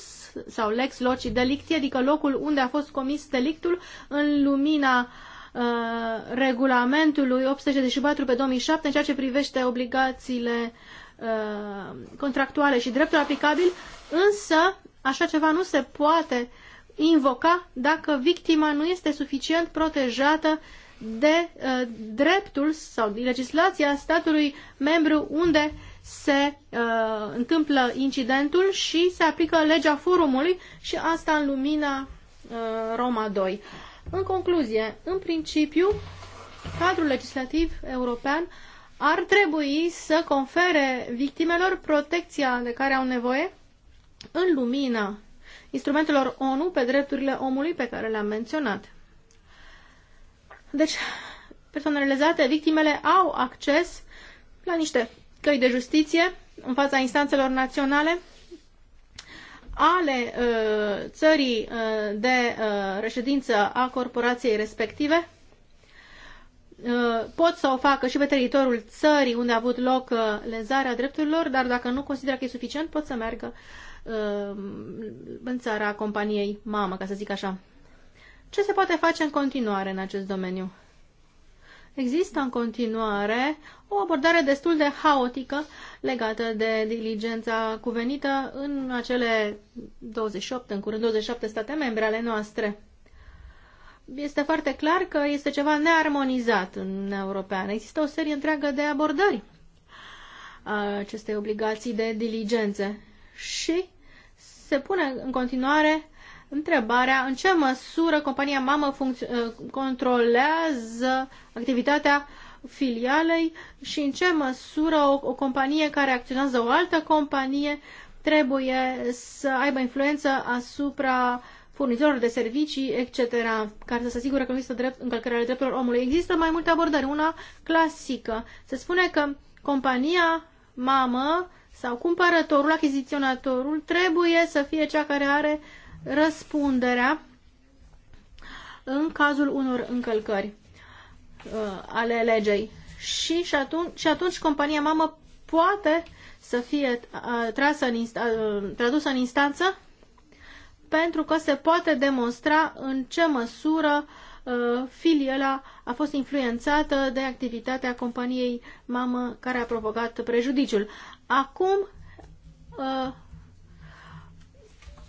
sau lex loci delicti, adică locul unde a fost comis delictul în lumina regulamentului 864 pe 2007 în ceea ce privește obligațiile contractuale și dreptul aplicabil, însă așa ceva nu se poate invoca dacă victima nu este suficient protejată de uh, dreptul sau legislația statului membru unde uh, se uh, întâmplă incidentul și se aplică legea forumului și asta în lumina uh, Roma 2. În concluzie, în principiu, cadrul legislativ european ar trebui să confere victimelor protecția de care au nevoie în lumina instrumentelor ONU pe drepturile omului pe care le-am menționat. Deci, personalizate, victimele au acces la niște căi de justiție în fața instanțelor naționale ale uh, țării uh, de uh, reședință a corporației respective pot să o facă și pe teritoriul țării unde a avut loc lezarea drepturilor, dar dacă nu consideră că e suficient, pot să meargă în țara companiei mamă, ca să zic așa. Ce se poate face în continuare în acest domeniu? există în continuare o abordare destul de haotică legată de diligența cuvenită în acele 28, în curând 27 state membre ale noastre. Este foarte clar că este ceva nearmonizat în Uniunea Europeană. Există o serie întreagă de abordări a acestei obligații de diligențe și se pune în continuare întrebarea în ce măsură compania mamă ă, controlează activitatea filialei și în ce măsură o, o companie care acționează o altă companie trebuie să aibă influență asupra furnizorilor de servicii, etc., care să se asigure că nu există drept, încălcări ale drepturilor omului. Există mai multe abordări. Una clasică. Se spune că compania mamă sau cumpărătorul, achiziționatorul, trebuie să fie cea care are uh, răspunderea în cazul unor încălcări uh, ale legei. Și, și, atunci, și atunci compania mamă poate să fie uh, trasă în uh, tradusă în instanță pentru că se poate demonstra în ce măsură uh, filiela a fost influențată de activitatea companiei mamă care a provocat prejudiciul. Acum uh,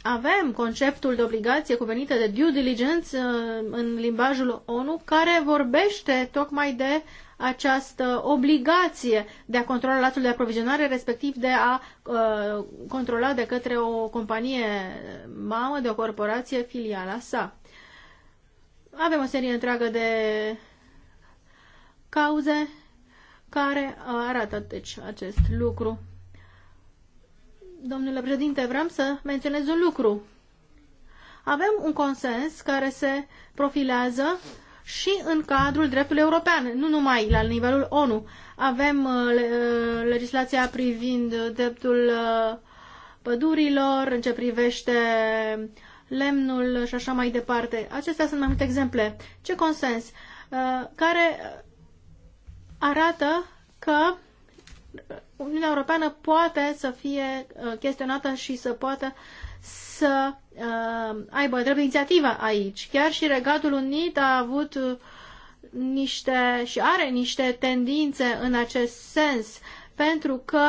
avem conceptul de obligație cuvenită de due diligence uh, în limbajul ONU, care vorbește tocmai de această obligație de a controla lațul de aprovizionare, respectiv de a uh, controla de către o companie mamă de o corporație filiala sa. Avem o serie întreagă de cauze care arată deci, acest lucru domnule președinte, vreau să menționez un lucru. Avem un consens care se profilează și în cadrul dreptului european, nu numai la nivelul ONU. Avem uh, uh legislația privind dreptul uh, pădurilor, în ce privește lemnul și așa mai departe. Acestea sunt mai multe exemple. Ce consens? Uh, care arată că Uniunea Europeană poate să fie uh, chestionată și să poată să uh, aibă drept inițiativă aici. Chiar și Regatul Unit a avut uh, niște și are niște tendințe în acest sens, pentru că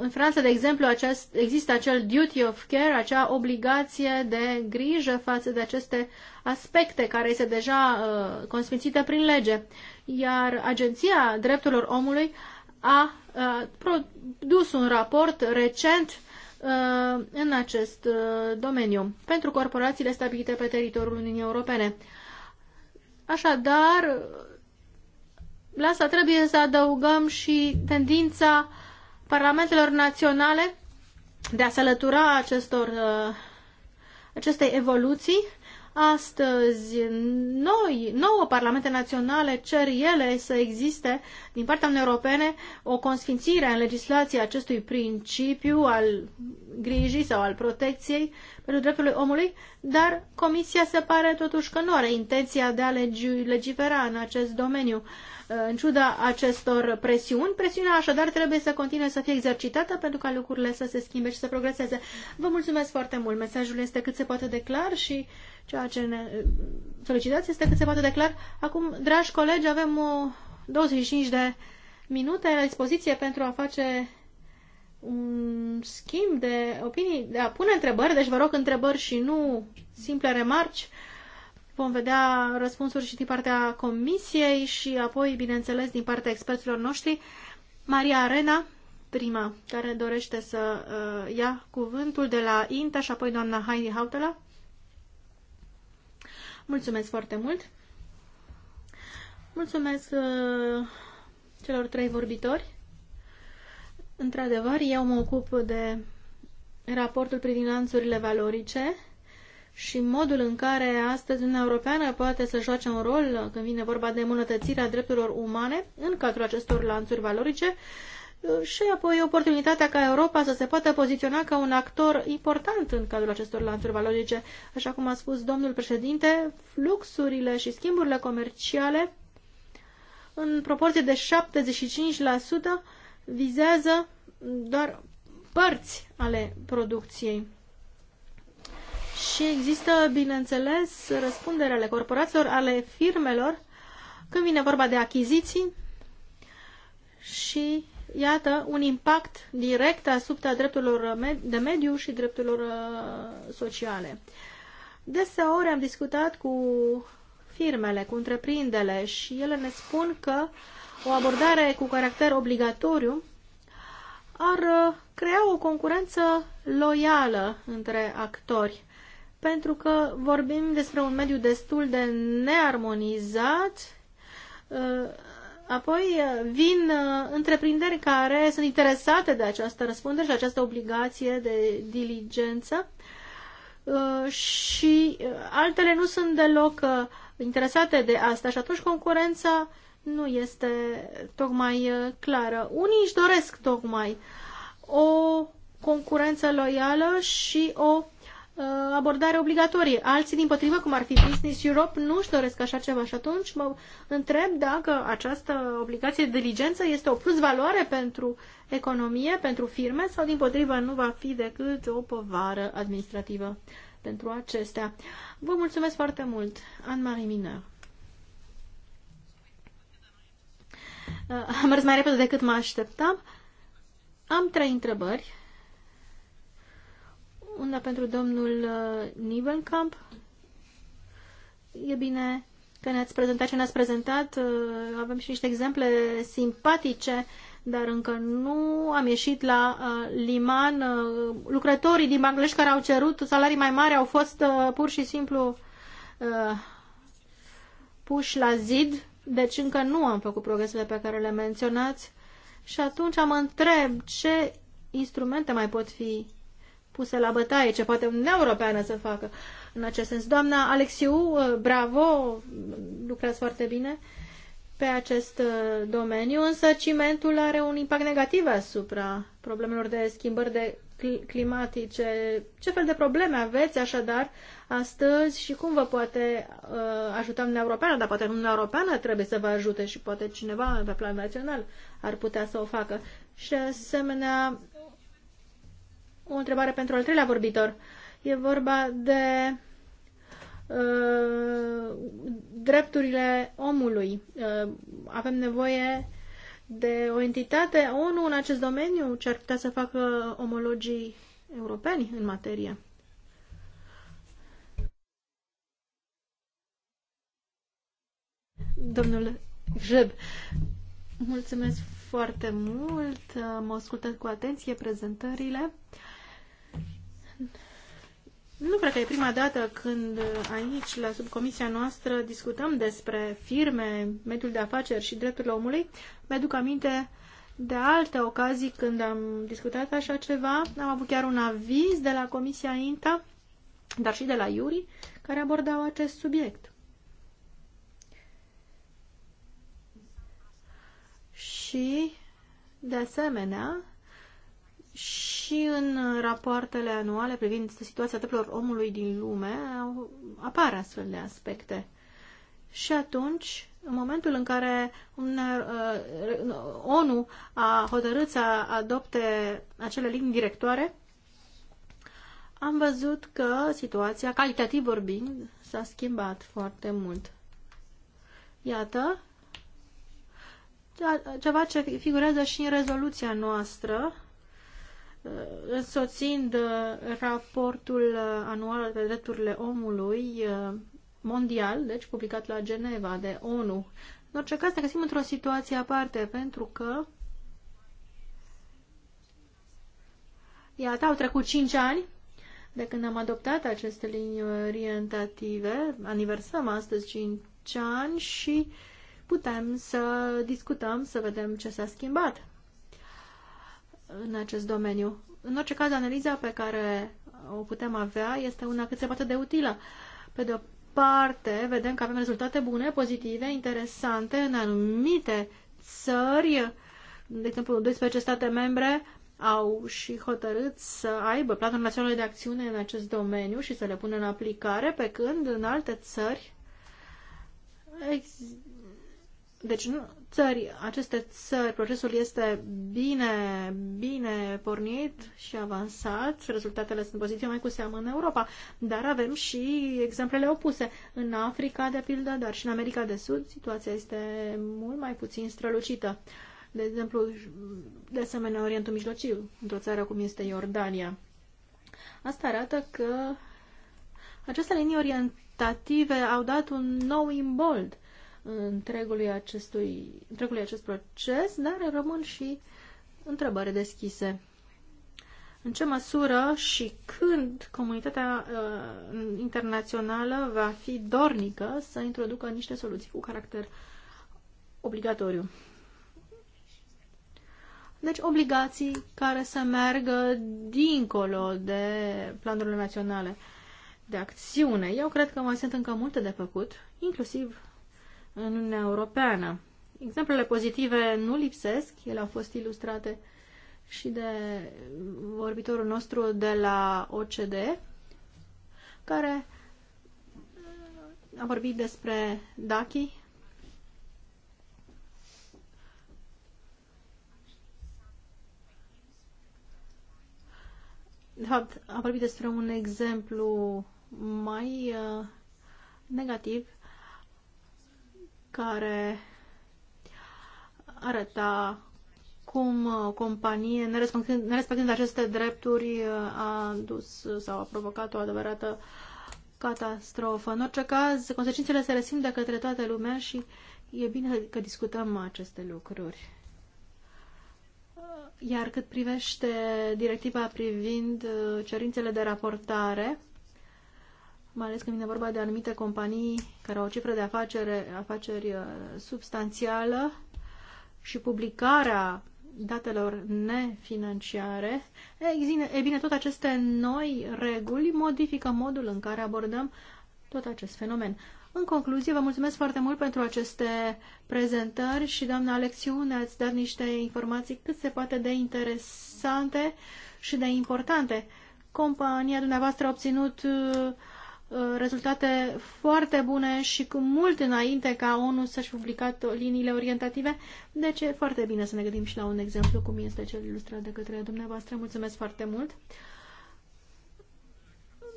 în Franța, de exemplu, acest, există acel duty of care, acea obligație de grijă față de aceste aspecte care este deja uh, consfințită prin lege. Iar Agenția Drepturilor Omului a Uh, produs un raport recent uh, în acest uh, domeniu pentru corporațiile stabilite pe teritoriul Uniunii Europene. Așadar, la asta trebuie să adăugăm și tendința parlamentelor naționale de a se alătura acestor, acestei evoluții Astăzi, noi, nouă parlamente naționale cer ele să existe, din partea Uniunii Europene, o consfințire în legislație acestui principiu al grijii sau al protecției pentru drepturile omului, dar Comisia se pare totuși că nu are intenția de a legifera în acest domeniu. Uh, Uh, în ciuda acestor presiuni. Presiunea așadar trebuie să continue să fie exercitată pentru ca lucrurile să se schimbe și să progreseze. Vă mulțumesc foarte mult. Mesajul este cât se poate de clar și ceea ce ne uh, solicitați este cât se poate de clar. Acum, dragi colegi, avem uh, o 25 de minute la dispoziție pentru a face un schimb de opinii, de a pune întrebări, deci vă rog întrebări și nu simple remarci. Vom vedea răspunsuri și din partea comisiei și apoi, bineînțeles, din partea experților noștri. Maria Arena, prima, care dorește să uh, ia cuvântul de la INTA și apoi doamna Heidi Hautela. Mulțumesc foarte mult! Mulțumesc uh, celor trei vorbitori. Într-adevăr, eu mă ocup de raportul privind lanțurile valorice și modul în care astăzi Uniunea Europeană poate să joace un rol când vine vorba de îmbunătățirea drepturilor umane în cadrul acestor lanțuri valorice uh, și apoi oportunitatea ca Europa să se poată poziționa ca un actor important în cadrul acestor lanțuri valorice. Așa cum a spus domnul președinte, fluxurile și schimburile comerciale în proporție de 75% vizează doar părți ale producției și există, bineînțeles, răspunderea ale corporațiilor, ale firmelor, când vine vorba de achiziții și, iată, un impact direct asupra drepturilor de mediu și drepturilor uh, sociale. Deseori am discutat cu firmele, cu întreprinderile și ele ne spun că o abordare cu caracter obligatoriu ar uh, crea o concurență loială între actori pentru că vorbim despre un mediu destul de nearmonizat. Uh, apoi uh, vin uh, întreprinderi care sunt interesate de această răspundere și această obligație de diligență și altele nu sunt deloc interesate de asta și atunci concurența nu este tocmai clară. Unii își doresc tocmai o concurență loială și o Uh, abordare obligatorie. Alții, din potrivă, cum ar fi Business Europe, nu își doresc așa ceva și atunci mă întreb dacă această obligație de diligență este o plus valoare pentru economie, pentru firme sau, din potrivă, nu va fi decât o povară administrativă pentru acestea. Vă mulțumesc foarte mult, Anne-Marie Miner. Uh, am mers mai repede decât mă așteptam. Am trei întrebări una pentru domnul uh, Nivelkamp. E bine că ne-ați prezentat ce ne-ați prezentat. Uh, avem și niște exemple simpatice, dar încă nu am ieșit la uh, liman. Lucrătorii din Bangladesh care au cerut salarii mai mari au fost pur și simplu puși la zid, deci încă nu am făcut progresele pe care le menționați. Și atunci am întreb ce instrumente mai pot fi puse la bătaie, ce poate Uniunea Europeană să facă în acest sens. Doamna Alexiu, uh, bravo, lucrați foarte bine pe acest uh, domeniu, însă cimentul are un impact negativ asupra problemelor de schimbări de climatice. Ce fel de probleme aveți așadar astăzi și cum vă poate uh, ajuta Uniunea Europeană? Dar poate Uniunea Europeană trebuie să vă ajute și poate cineva pe plan național ar putea să o facă. Și asemenea, o întrebare pentru al treilea vorbitor. E vorba de uh, drepturile omului. Uh, avem nevoie de o entitate ONU în acest domeniu ce ar putea să facă omologii europeni în materie. Domnul Jeb, mulțumesc foarte mult, mă ascultat cu atenție prezentările. Nu cred că e prima dată când aici, la subcomisia noastră, discutăm despre firme, mediul de afaceri și drepturile omului. Mi-aduc aminte de alte ocazii când am discutat așa ceva. Am avut chiar un aviz de la Comisia INTA, dar și de la Iuri, care abordau acest subiect. Și, de asemenea, și în rapoartele anuale privind situația drepturilor omului din lume apar astfel de aspecte. Și atunci, în momentul în care un, uh, uh, ONU a hotărât să adopte acele linii directoare, am văzut că situația, calitativ vorbind, s-a schimbat foarte mult. Iată, ceva ce figurează și în rezoluția noastră, Uh, însoțind uh, raportul uh, anual de drepturile omului mondial, deci publicat la Geneva de ONU. În orice caz ne găsim într-o situație aparte, pentru că Iată, au trecut 5 ani de când am adoptat aceste linii orientative. Aniversăm astăzi 5 ani și putem să discutăm, să vedem ce s-a schimbat în acest domeniu. În orice caz, analiza pe care o putem avea este una cât se poate de utilă. Pe de o parte, vedem că avem rezultate bune, pozitive, interesante în anumite țări. De exemplu, 12 state membre au și hotărât să aibă planuri naționale de acțiune în acest domeniu și să le pună în aplicare, pe când în alte țări deci nu, țări, aceste țări, procesul este bine, bine pornit și avansat, rezultatele sunt pozitive mai cu seamă în Europa, dar avem și exemplele opuse. În Africa, de pildă, dar și în America de Sud, situația este mult mai puțin strălucită. De exemplu, de asemenea, Orientul Mijlociu, într-o țară cum este Iordania. Asta arată că aceste linii orientative au dat un nou imbold întregului, acestui, întregului acest proces, dar rămân și întrebări deschise. În ce măsură și când comunitatea uh, internațională va fi dornică să introducă niște soluții cu caracter obligatoriu? Deci obligații care să meargă dincolo de planurile naționale de acțiune. Eu cred că mai sunt încă multe de făcut, inclusiv în Uniunea Europeană. Exemplele pozitive nu lipsesc, ele au fost ilustrate și de vorbitorul nostru de la OCD, care uh, a vorbit despre DACI. De fapt, a vorbit despre un exemplu mai uh, negativ uh, care arăta cum o uh, companie, nerespectând, nerespectând aceste drepturi, uh, a dus sau a provocat o adevărată catastrofă. În orice caz, consecințele se resimt de către toată lumea și e bine că discutăm aceste lucruri. Iar cât privește directiva privind uh, cerințele de raportare, mai ales când vine vorba de anumite companii care au o cifră de afacere, afaceri uh, substanțială și publicarea datelor nefinanciare, e bine, tot aceste noi reguli modifică modul în care abordăm tot acest fenomen. În concluzie, vă mulțumesc foarte mult pentru aceste prezentări și, doamna Alexiu, ne-ați dat niște informații cât se poate de interesante și de importante. Compania dumneavoastră a obținut uh, Uh, rezultate foarte bune și cu mult înainte ca ONU să-și publicat liniile orientative. Deci e foarte bine să ne gândim și la un exemplu cum este cel ilustrat de către dumneavoastră. Mulțumesc foarte mult!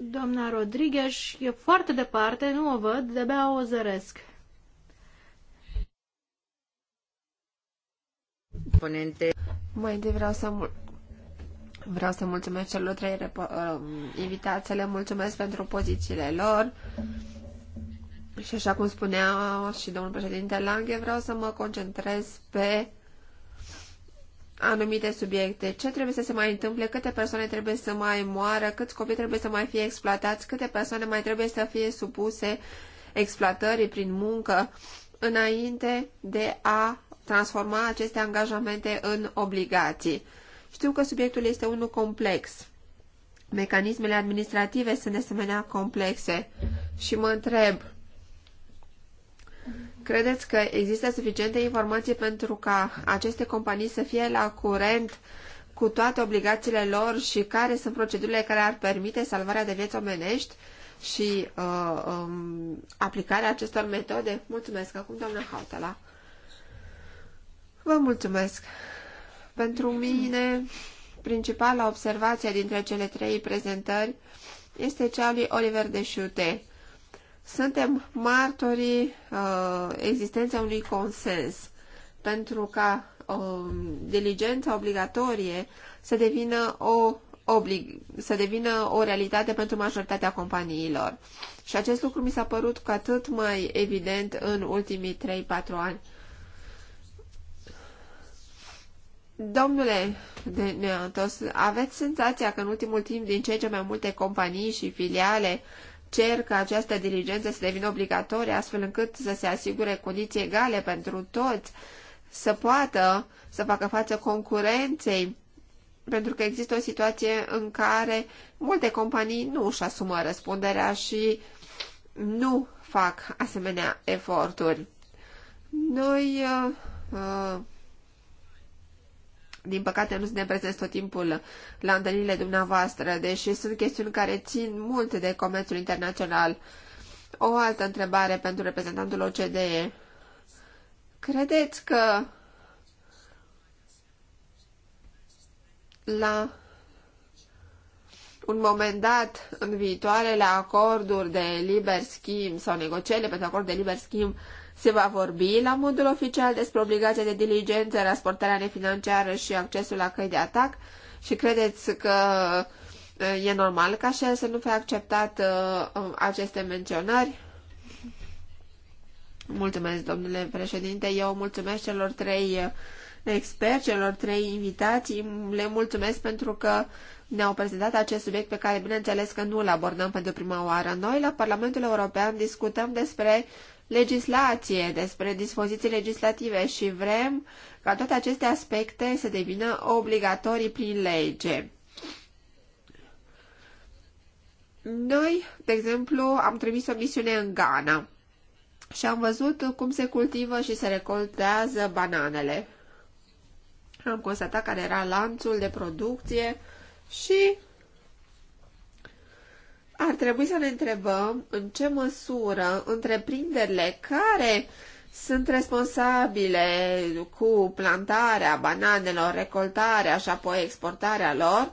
Doamna Rodriguez e foarte departe, nu o văd, de-abia o zăresc. Ponente. Mai întâi vreau să Vreau să mulțumesc celor trei repo- uh, invitați, să le mulțumesc pentru pozițiile lor. Și așa cum spunea și domnul președinte Lange, vreau să mă concentrez pe anumite subiecte. Ce trebuie să se mai întâmple, câte persoane trebuie să mai moară, câți copii trebuie să mai fie exploatați, câte persoane mai trebuie să fie supuse exploatării prin muncă înainte de a transforma aceste angajamente în obligații. Știu că subiectul este unul complex. Mecanismele administrative sunt de asemenea complexe și mă întreb, credeți că există suficiente informații pentru ca aceste companii să fie la curent cu toate obligațiile lor și care sunt procedurile care ar permite salvarea de vieți omenești și uh, um, aplicarea acestor metode? Mulțumesc acum, doamna Hautala. Vă mulțumesc. Pentru mine, principala observație dintre cele trei prezentări este cea lui Oliver de Chute. Suntem martorii uh, existenței unui consens pentru ca uh, diligența obligatorie să devină o oblig, să devină o realitate pentru majoritatea companiilor. Și acest lucru mi s-a părut cu atât mai evident în ultimii 3-4 ani. Domnule de Neantos, aveți senzația că în ultimul timp din ce ce mai multe companii și filiale cer ca această diligență să devină obligatorie, astfel încât să se asigure condiții egale pentru toți, să poată să facă față concurenței, pentru că există o situație în care multe companii nu își asumă răspunderea și nu fac asemenea eforturi. Noi uh, uh, din păcate nu suntem prezenți tot timpul la întâlnirile dumneavoastră, deși sunt chestiuni care țin mult de comerțul internațional. O altă întrebare pentru reprezentantul OCDE. Credeți că la un moment dat, în viitoarele acorduri de liber schimb sau negocierile pentru acord de liber schimb, se va vorbi la modul oficial despre obligația de diligență, rasportarea nefinanciară și accesul la căi de atac și credeți că uh, e normal ca și el să nu fie acceptat uh, um, aceste menționări? Mulțumesc, domnule președinte. Eu mulțumesc celor trei uh, experți, celor trei invitații. Le mulțumesc pentru că ne-au prezentat acest subiect pe care, bineînțeles, că nu îl abordăm pentru prima oară. Noi, la Parlamentul European, discutăm despre legislație, despre dispoziții legislative și vrem ca toate aceste aspecte să devină obligatorii prin lege. Noi, de exemplu, am trimis o misiune în Ghana și am văzut cum se cultivă și se recoltează bananele. Am constatat care era lanțul de producție și ar trebui să ne întrebăm în ce măsură întreprinderile care sunt responsabile cu plantarea bananelor, recoltarea și apoi exportarea lor,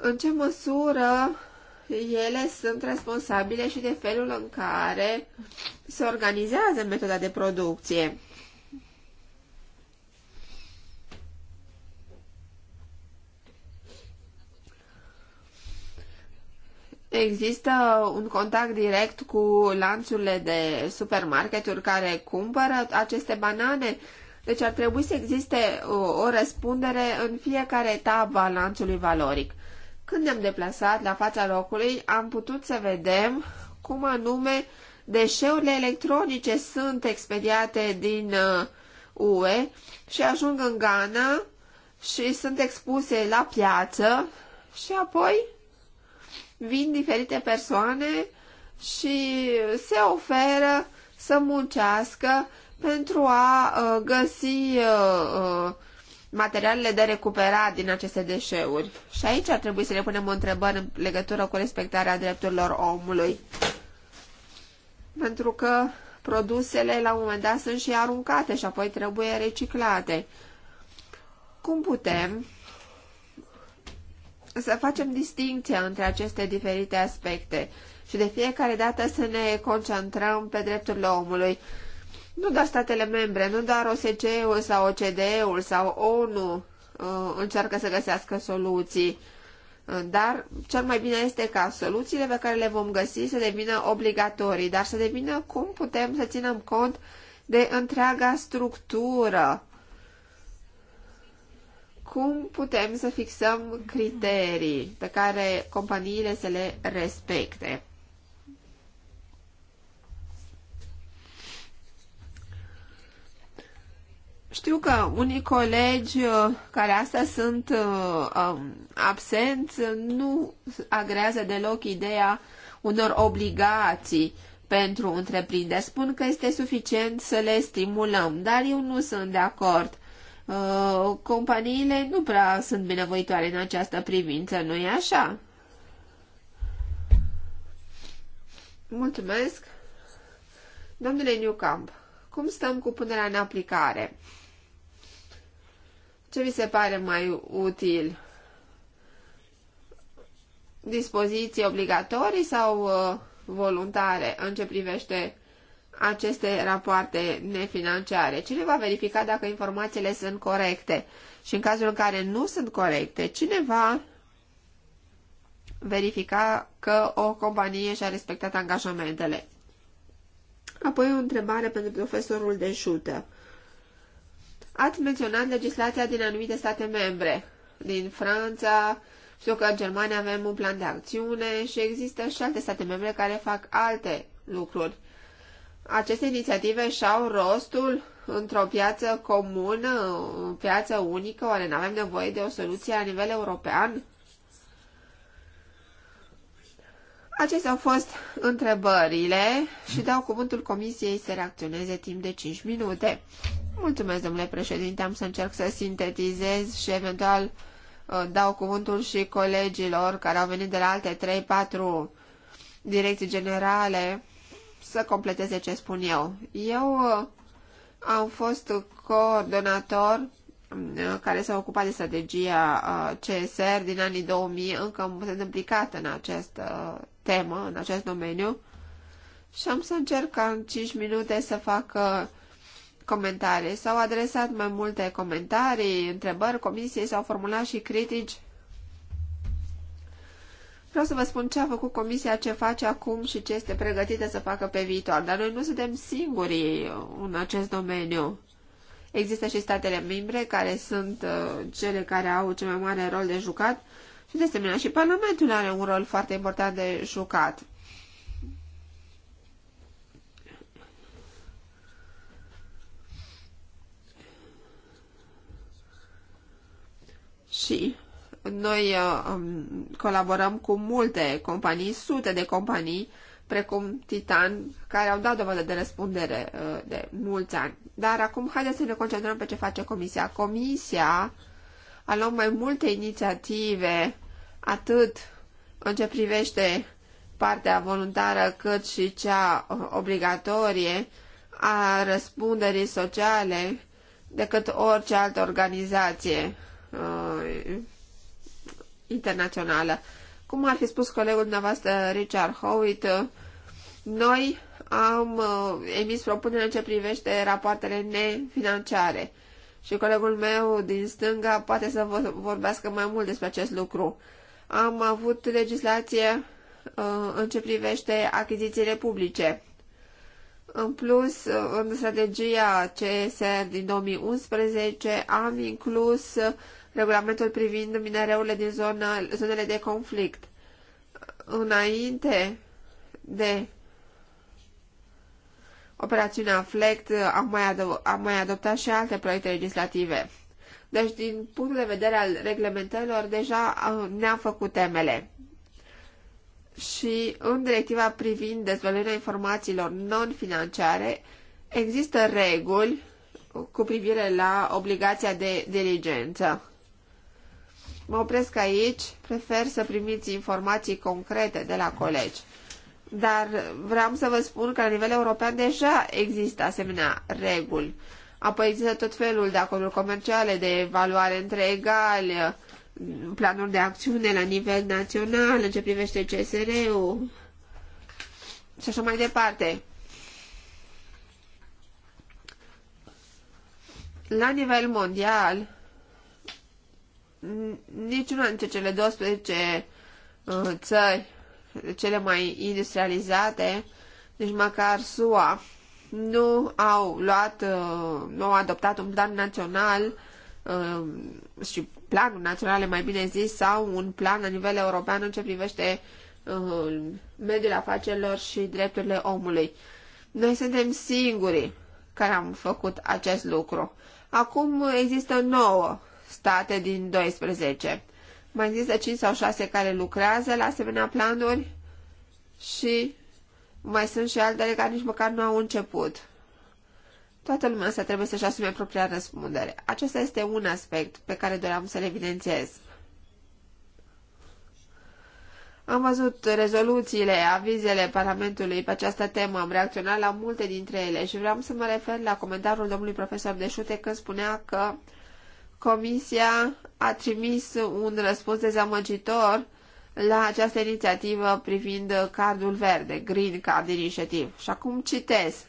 în ce măsură ele sunt responsabile și de felul în care se organizează metoda de producție. Există un contact direct cu lanțurile de supermarketuri care cumpără aceste banane? Deci ar trebui să existe o, o răspundere în fiecare etapă a lanțului valoric. Când ne-am deplasat la fața locului, am putut să vedem cum anume deșeurile electronice sunt expediate din UE uh, și ajung în Ghana și sunt expuse la piață și apoi vin diferite persoane și se oferă să muncească pentru a uh, găsi uh, uh, materialele de recuperat din aceste deșeuri. Și aici ar trebui să ne punem o întrebare în legătură cu respectarea drepturilor omului. Pentru că produsele la un moment dat sunt și aruncate și apoi trebuie reciclate. Cum putem să facem distinția între aceste diferite aspecte și de fiecare dată să ne concentrăm pe drepturile omului. Nu doar statele membre, nu doar OSCE-ul sau OCDE-ul sau ONU uh, încearcă să găsească soluții, uh, dar cel mai bine este ca soluțiile pe care le vom găsi să devină obligatorii, dar să devină cum putem să ținem cont de întreaga structură cum putem să fixăm criterii pe care companiile să le respecte. Știu că unii colegi uh, care asta sunt uh, um, absenți nu agrează deloc ideea unor obligații pentru întreprinderi. Spun că este suficient să le stimulăm, dar eu nu sunt de acord. Uh, companiile nu prea sunt binevoitoare în această privință, nu-i așa? Mulțumesc. Domnule Newcamp, cum stăm cu punerea în aplicare? Ce vi se pare mai util? Dispoziții obligatorii sau uh, voluntare în ce privește aceste rapoarte nefinanciare, cine va verifica dacă informațiile sunt corecte și în cazul în care nu sunt corecte, cine va verifica că o companie și-a respectat angajamentele. Apoi o întrebare pentru profesorul de șută. Ați menționat legislația din anumite state membre. Din Franța, știu că în Germania avem un plan de acțiune și există și alte state membre care fac alte lucruri aceste inițiative și-au rostul într-o piață comună, o piață unică, oare nu avem nevoie de o soluție la nivel european? Acestea au fost întrebările și dau cuvântul Comisiei să reacționeze timp de 5 minute. Mulțumesc, domnule președinte, am să încerc să sintetizez și eventual uh, dau cuvântul și colegilor care au venit de la alte 3-4 direcții generale să completeze ce spun eu. Eu uh, am fost coordonator uh, care s-a ocupat de strategia uh, CSR din anii 2000, încă sunt implicată în această temă, în acest domeniu și am să încerc ca în 5 minute să fac comentarii. S-au adresat mai multe comentarii, întrebări comisiei, s-au formulat și critici Vreau să vă spun ce a făcut comisia, ce face acum și ce este pregătită să facă pe viitor. Dar noi nu suntem singuri în acest domeniu. Există și statele membre care sunt uh, cele care au cel mai mare rol de jucat și de asemenea și Parlamentul are un rol foarte important de jucat. Și noi uh, um, colaborăm cu multe companii, sute de companii, precum Titan, care au dat dovadă de răspundere uh, de mulți ani. Dar acum haideți să ne concentrăm pe ce face Comisia. Comisia a luat mai multe inițiative, atât în ce privește partea voluntară, cât și cea uh, obligatorie a răspunderii sociale, decât orice altă organizație internațională. Cum ar fi spus colegul dumneavoastră Richard Howitt, noi am uh, emis propuneri în ce privește rapoartele nefinanciare și colegul meu din stânga poate să vorbească mai mult despre acest lucru. Am avut legislație uh, în ce privește achizițiile publice. În plus, uh, în strategia CSR din 2011 am inclus regulamentul privind minereurile din zonă, zonele de conflict. Înainte de operațiunea FLECT am mai, ado- am mai adoptat și alte proiecte legislative. Deci, din punctul de vedere al reglementărilor, deja ne-am făcut temele. Și în directiva privind dezvăluirea informațiilor non-financiare, există reguli cu privire la obligația de diligență. Mă opresc aici, prefer să primiți informații concrete de la colegi. Dar vreau să vă spun că la nivel european deja există asemenea reguli. Apoi există tot felul de acorduri comerciale, de evaluare între egali, planuri de acțiune la nivel național în ce privește CSR-ul și așa mai departe. La nivel mondial, niciuna dintre cele 12 uh, țări cele mai industrializate, nici deci măcar SUA, nu au luat, uh, nu au adoptat un plan național uh, și planul național, mai bine zis, sau un plan la nivel european în ce privește mediul afacerilor și drepturile omului. Noi suntem singurii care am făcut acest lucru. Acum există nouă state din 12. Mai există 5 sau 6 care lucrează la asemenea planuri și mai sunt și altele care nici măcar nu au început. Toată lumea asta trebuie să-și asume propria răspundere. Acesta este un aspect pe care doream să-l evidențiez. Am văzut rezoluțiile, avizele Parlamentului pe această temă, am reacționat la multe dintre ele și vreau să mă refer la comentariul domnului profesor Deșute când spunea că uh, Comisia a trimis un răspuns dezamăgitor la această inițiativă privind cardul verde, Green Card Initiative. Și acum citez.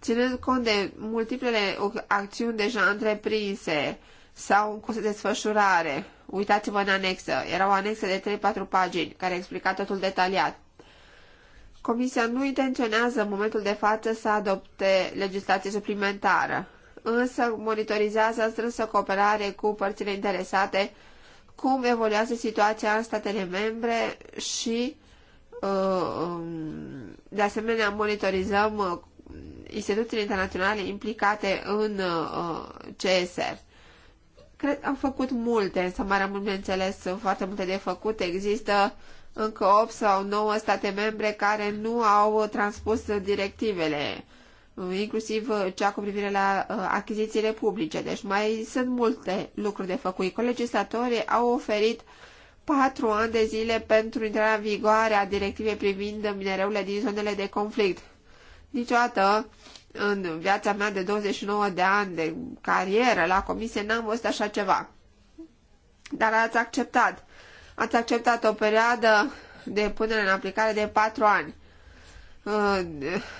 Ținând cont de multiplele acțiuni deja întreprinse sau în curs de desfășurare, uitați-vă în anexă, era o anexă de 3-4 pagini care explica totul detaliat. Comisia nu intenționează în momentul de față să adopte legislație suplimentară însă monitorizează strânsă cooperare cu părțile interesate cum evoluează situația în statele membre și uh, de asemenea monitorizăm instituțiile internaționale implicate în uh, CSR. Cred am făcut multe, însă mai rămân, bineînțeles, foarte multe de făcut. Există încă 8 sau 9 state membre care nu au transpus directivele inclusiv uh, cea cu privire la uh, achizițiile publice. Deci mai sunt multe lucruri de făcut. Colegislatorii au oferit patru ani de zile pentru intrarea în vigoare a directivei privind minereurile din zonele de conflict. Niciodată în viața mea de 29 de ani de carieră la comisie n-am văzut așa ceva. Dar ați acceptat. Ați acceptat o perioadă de punere în aplicare de patru ani. Uh,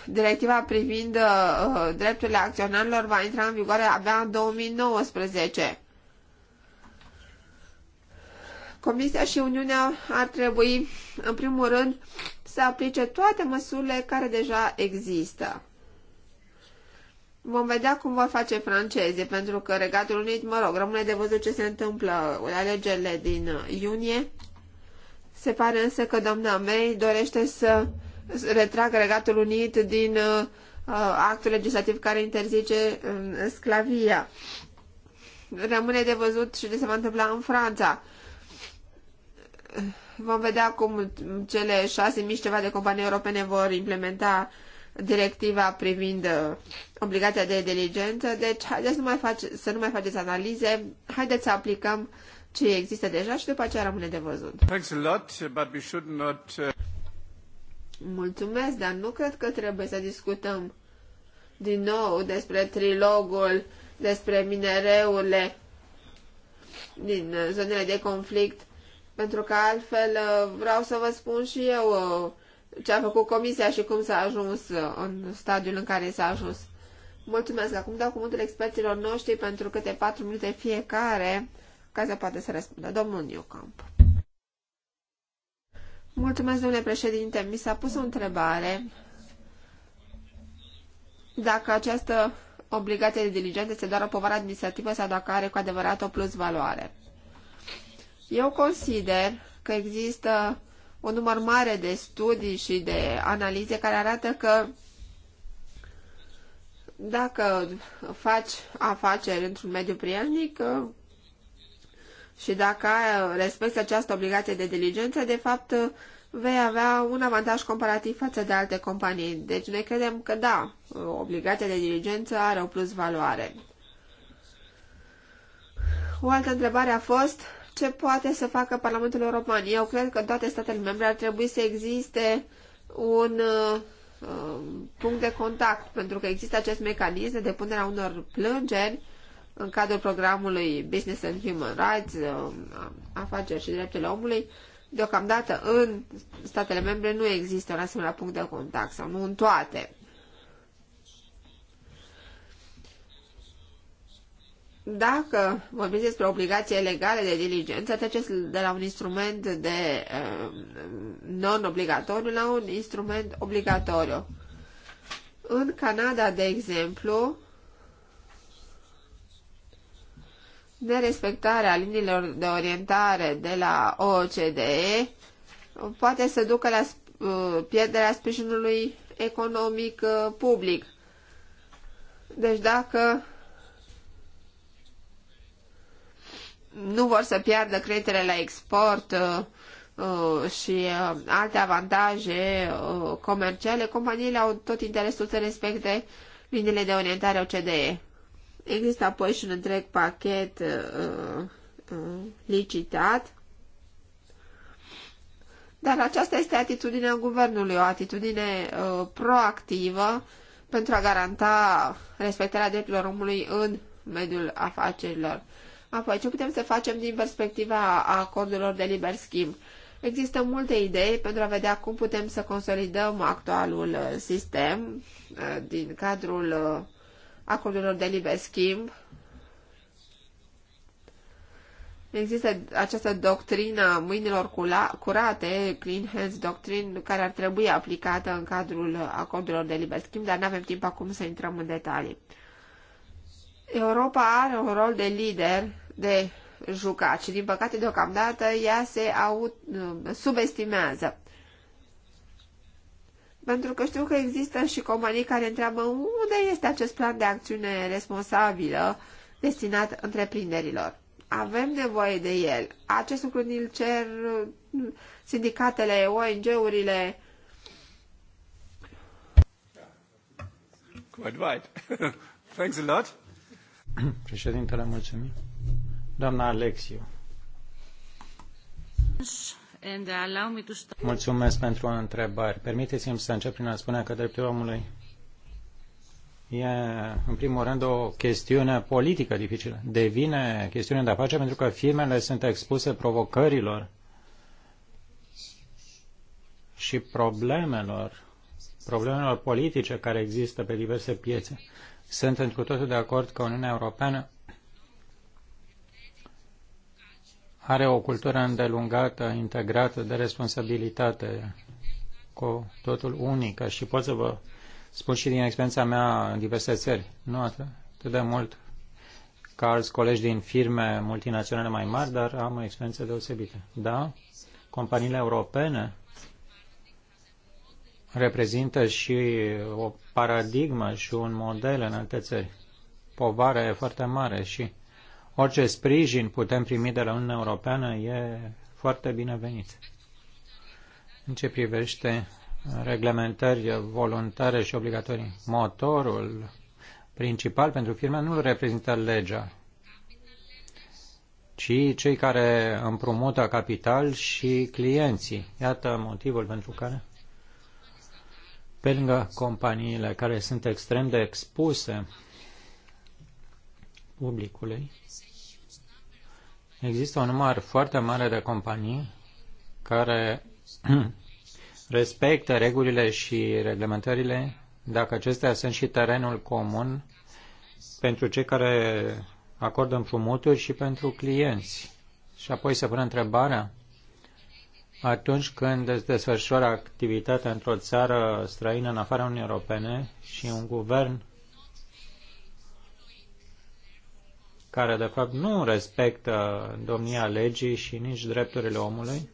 directiva privind uh, drepturile acționarilor va intra în vigoare abia în 2019. Comisia și Uniunea ar trebui, în primul rând, să aplice toate măsurile care deja există. Vom vedea cum vor face francezii, pentru că Regatul Unit, mă rog, rămâne de văzut ce se întâmplă la alegerile din iunie. Se pare însă că doamna May dorește să retrag Regatul Unit din uh, uh, actul legislativ care interzice um, sclavia. Rămâne de văzut și ce se va întâmpla în Franța. Vom vedea cum cele șase mici ceva de companii europene vor implementa directiva privind uh, obligația de diligență. Deci, haideți să nu mai, face, să nu mai faceți analize, haideți să aplicăm ce există deja și după aceea rămâne de văzut mulțumesc, dar nu cred că trebuie să discutăm din nou despre trilogul, despre minereurile din uh, zonele de conflict, pentru că altfel uh, vreau să vă spun și eu uh, ce a făcut comisia și cum s-a ajuns în stadiul în care s-a ajuns. Mulțumesc. Acum dau cuvântul experților noștri pentru câte patru minute fiecare ca să poată să răspundă. Domnul Newcomb. Mulțumesc, domnule președinte. Mi s-a pus o întrebare dacă această obligație de diligență este doar o povară administrativă sau dacă are cu adevărat o plus valoare. Eu consider că există un număr mare de studii și de analize care arată că dacă faci afaceri într-un mediu prielnic, și dacă uh, respecti această obligație de diligență, de fapt uh, vei avea un avantaj comparativ față de alte companii. Deci ne credem că da, uh, obligația de diligență are o plus valoare. O altă întrebare a fost ce poate să facă Parlamentul European. Eu cred că în toate statele membre ar trebui să existe un uh, punct de contact, pentru că există acest mecanism de depunere a unor plângeri în cadrul programului Business and Human Rights, uh, afaceri și drepturile omului, deocamdată în statele membre nu există un asemenea punct de contact sau nu în toate. Dacă vorbim despre obligație legale de diligență, treceți de la un instrument de uh, non-obligatoriu la un instrument obligatoriu. În Canada, de exemplu, de respectare a liniilor de orientare de la OCDE poate să ducă la uh, pierderea sprijinului economic uh, public. Deci dacă nu vor să piardă creditele la export uh, și alte avantaje comerciale, companiile au tot interesul să respecte liniile de orientare OCDE. Există apoi și un întreg pachet uh, uh, licitat. Dar aceasta este atitudinea guvernului, o atitudine uh, proactivă pentru a garanta respectarea drepturilor omului în mediul afacerilor. Apoi, ce putem să facem din perspectiva acordurilor de liber schimb? Există multe idei pentru a vedea cum putem să consolidăm actualul uh, sistem uh, din cadrul uh, acordurilor de liber schimb. Există această doctrină a mâinilor curate, clean hands doctrine, care ar trebui aplicată în cadrul acordurilor de liber schimb, dar nu avem timp acum să intrăm în detalii. Europa are un rol de lider, de jucat și, din păcate, deocamdată ea se au subestimează pentru că știu că există și companii care întreabă unde este acest plan de acțiune responsabilă destinat întreprinderilor. Avem nevoie de el. Acest lucru îl cer mm, sindicatele, ONG-urile. Quite right. Thanks a lot. Președintele, mulțumim. Doamna Alexiu. Mulțumesc pentru întrebare. Permiteți-mi să încep prin a spune că dreptul omului e, în primul rând, o chestiune politică dificilă. Devine chestiune de afaceri pentru că firmele sunt expuse provocărilor și problemelor, problemelor politice care există pe diverse piețe. Sunt într totul de acord că Uniunea Europeană are o cultură îndelungată, integrată de responsabilitate, cu totul unică și pot să vă spun și din experiența mea în diverse țări, nu atât, de mult ca alți colegi din firme multinaționale mai mari, dar am o experiență deosebită. Da? Companiile europene reprezintă și o paradigmă și un model în alte țări. Povară e foarte mare și Orice sprijin putem primi de la Uniunea Europeană e foarte binevenit. În ce privește reglementări voluntare și obligatorii, motorul principal pentru firme nu reprezintă legea, ci cei care împrumută capital și clienții. Iată motivul pentru care, pe lângă companiile care sunt extrem de expuse publicului, Există un număr foarte mare de companii care respectă regulile și reglementările dacă acestea sunt și terenul comun pentru cei care acordă împrumuturi și pentru clienți. Și apoi se pune întrebarea, atunci când îți desfășoară activitatea într-o țară străină în afara Uniunii Europene și un guvern care de fapt nu respectă domnia legii și nici drepturile omului,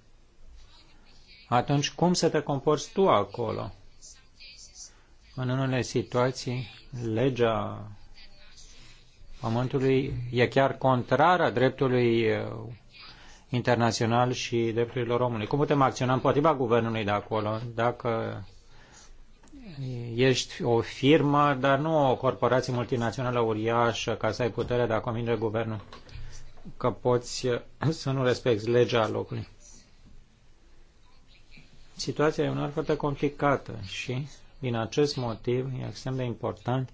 atunci cum să te comporți tu acolo? În unele situații, legea pământului e chiar contrară dreptului internațional și drepturilor omului. Cum putem acționa împotriva guvernului de acolo dacă ești o firmă, dar nu o corporație multinațională uriașă ca să ai puterea de a convinge guvernul că poți eh, să nu respecti legea locului. Situația e una foarte complicată și din acest motiv e extrem de important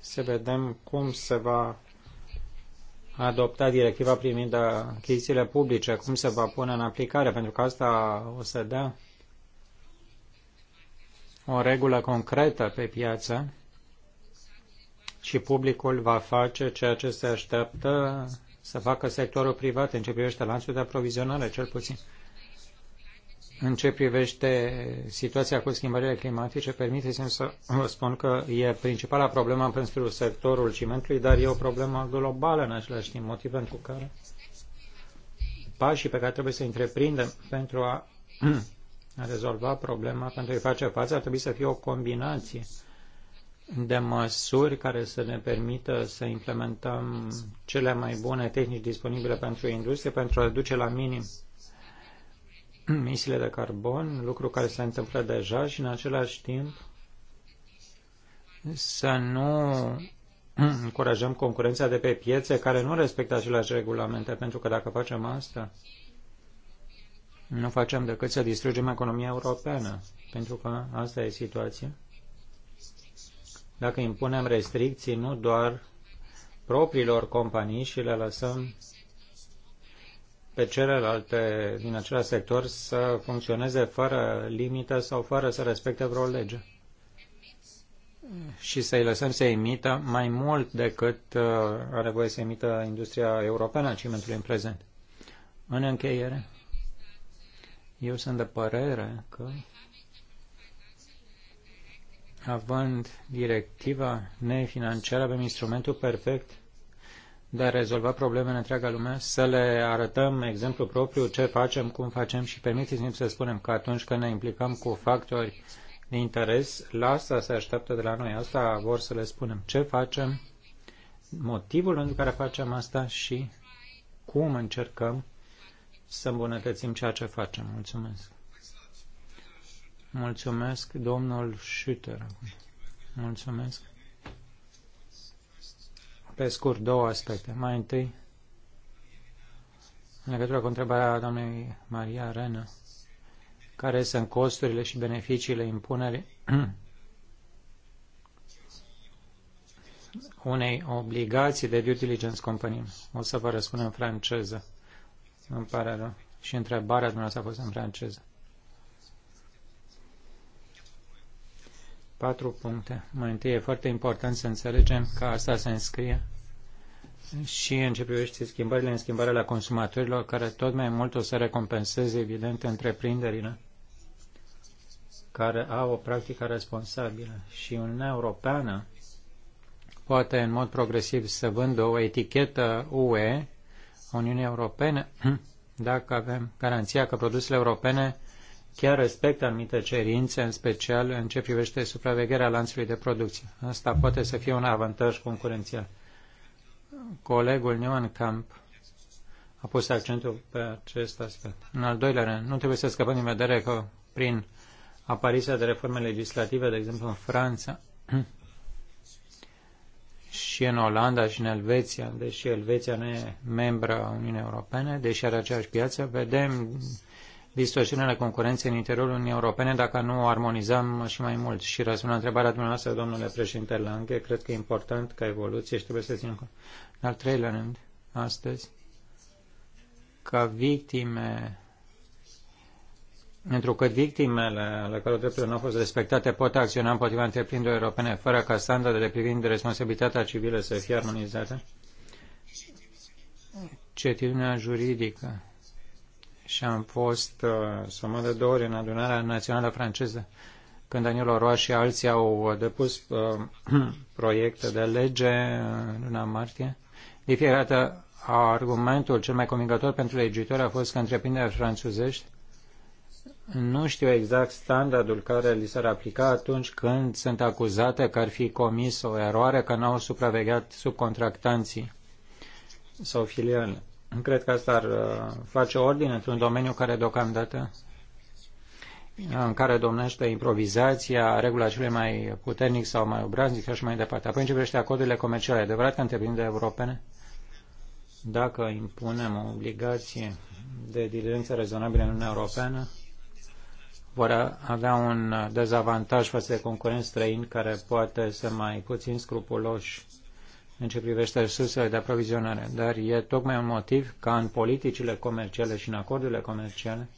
să vedem cum se va adopta directiva privind achizițiile publice, cum se va pune în aplicare, pentru că asta o să dea o regulă concretă pe piață și publicul va face ceea ce se așteaptă să facă sectorul privat în ce privește lanțul de aprovizionare, cel puțin. În ce privește situația cu schimbările climatice, permiteți-mi să vă spun că e principala problemă pentru sectorul cimentului, dar e o problemă globală în același timp, motiv pentru care pașii pe care trebuie să întreprindem pentru a, rezolva problema, pentru a-i face față, ar trebui să fie o combinație de măsuri care să ne permită să implementăm cele mai bune tehnici disponibile pentru industrie, pentru a duce la minim emisiile de carbon, lucru care se întâmplă deja și în același timp să nu încurajăm concurența de pe piețe care nu respectă aceleași regulamente, pentru că dacă facem asta, nu facem decât să distrugem economia europeană, pentru că asta e situația. Dacă impunem restricții nu doar propriilor companii și le lăsăm pe celelalte din același sector să funcționeze fără limită sau fără să respecte vreo lege și să-i lăsăm să emită mai mult decât uh, are voie să emită industria europeană a cimentului în prezent. În încheiere, eu sunt de părere că având directiva nefinanciară, avem instrumentul perfect de a rezolva probleme în întreaga lume, să le arătăm exemplu propriu ce facem, cum facem și permiteți-mi să spunem că atunci când ne implicăm cu factori de interes, la asta se așteaptă de la noi. Asta vor să le spunem ce facem, motivul pentru care facem asta și cum încercăm să îmbunătățim ceea ce facem. Mulțumesc. Mulțumesc, domnul Schütter. Mulțumesc pe scurt două aspecte. Mai întâi, în legătură cu întrebarea doamnei Maria Renă, care sunt costurile și beneficiile impunerii unei obligații de due diligence company. O să vă răspund în franceză. Îmi pare rău. Și întrebarea dumneavoastră a fost în franceză. Patru puncte. Mai întâi e foarte important să înțelegem că asta se înscrie și în ce privește schimbările în schimbarea la consumatorilor, care tot mai mult o să recompenseze, evident, întreprinderile care au o practică responsabilă. Și Uniunea Europeană poate în mod progresiv să vândă o etichetă UE Uniunii Europene dacă avem garanția că produsele europene chiar respectă anumite cerințe, în special în ce privește supravegherea lanțului de producție. Asta poate să fie un avantaj concurențial. Colegul Newman Camp a pus accentul pe acest aspect. În al doilea rând, nu trebuie să scăpăm din vedere că prin apariția de reforme legislative, de exemplu în Franța, și în Olanda și în Elveția, deși Elveția nu e membră a Uniunii Europene, deși are aceeași piață, vedem distorsiunea concurenței în interiorul Uniunii Europene dacă nu o armonizăm și mai mult. Și răspund la întrebarea dumneavoastră, domnule președinte Lange, cred că e important ca evoluție și trebuie să ținem cont. În al treilea rând, astăzi, ca victime Întrucât victimele ale căror drepturile nu au fost respectate pot acționa împotriva întreprinderilor europene fără ca standardele privind responsabilitatea civilă să fie armonizate, certitudinea juridică și am fost uh, mă de două ori în adunarea națională franceză când Daniel Oroa și alții au depus uh, proiecte de lege în luna martie. De fiecare dată argumentul cel mai convingător pentru legiuitori a fost că întreprinderea franțuzești nu știu exact standardul care li s-ar aplica atunci când sunt acuzate că ar fi comis o eroare, că n-au supravegheat subcontractanții sau filiale. Cred că asta ar uh, face ordine într-un domeniu care deocamdată uh, în care domnește improvizația, regula cele mai puternic sau mai obraznic și așa mai departe. Apoi în ce acordurile comerciale, adevărat că întreprinde europene, dacă impunem o obligație de diligență rezonabilă în Uniunea Europeană, vor avea un uh, dezavantaj față de concurenți străini care poate să mai puțin scrupuloși în ce privește resursele de aprovizionare, dar e tocmai un motiv ca în politicile comerciale și în acordurile comerciale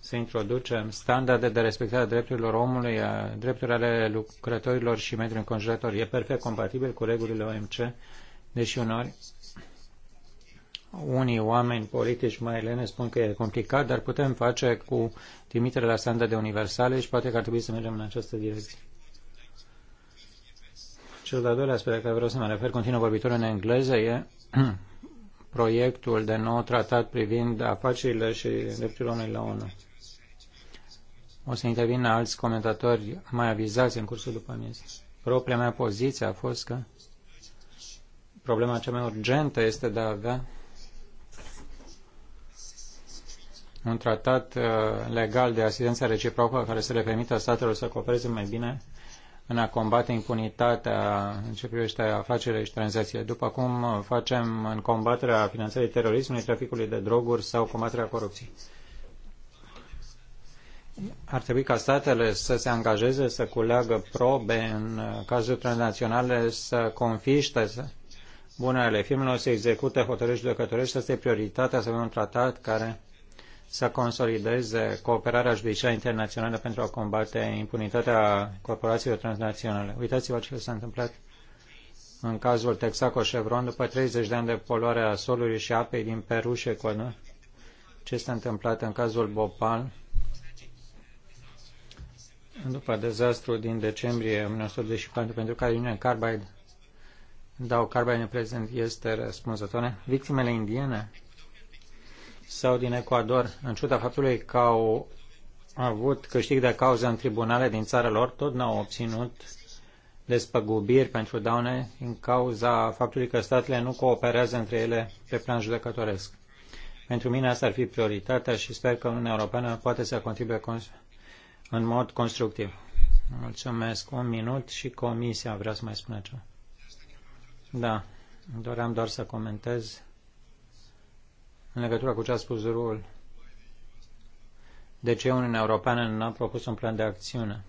să introducem standarde de respectare a drepturilor omului, a drepturile lucrătorilor și mediului înconjurător. E perfect compatibil cu regulile OMC, deși uneori unii oameni politici mai lene spun că e complicat, dar putem face cu trimiterea la standarde universale și poate că ar trebui să mergem în această direcție. Cel de-al doilea aspect la care vreau să mă refer, continuă vorbitorul în engleză, e proiectul de nou tratat privind afacerile și drepturile omului la ONU. O să intervină alți comentatori mai avizați în cursul după amiază. Propria mea poziție a fost că problema cea mai urgentă este de a avea un tratat uh, legal de asistență reciprocă care să le permită statelor să coopereze mai bine în a combate impunitatea în ce privește afacerile și tranzacțiile, după cum facem în combaterea finanțării terorismului, traficului de droguri sau combaterea corupției. Ar trebui ca statele să se angajeze, să culeagă probe în cazuri transnaționale, să confiște bunele firmelor, să execute hotărâri judecătorești. Asta e prioritatea, să avem un tratat care să consolideze cooperarea judiciară internațională pentru a combate impunitatea corporațiilor transnaționale. Uitați-vă ce s-a întâmplat în cazul Texaco Chevron după 30 de ani de poluare a solului și apei din Peru și Ecuador. Ce s-a întâmplat în cazul Bhopal după dezastru din decembrie 1984 pentru care Union Carbide Dau Carbide în prezent este răspunzătoare. Victimele indiene sau din Ecuador, în ciuda faptului că au avut câștig de cauză în tribunale din țara lor, tot n-au obținut despăgubiri pentru daune în cauza faptului că statele nu cooperează între ele pe plan judecătoresc. Pentru mine asta ar fi prioritatea și sper că Uniunea Europeană poate să contribuie în mod constructiv. Mulțumesc. Un minut și comisia vrea să mai spună ceva. Da, doream doar să comentez în legătură cu ce a spus Rul. De ce Uniunea Europeană nu a propus un plan de acțiune?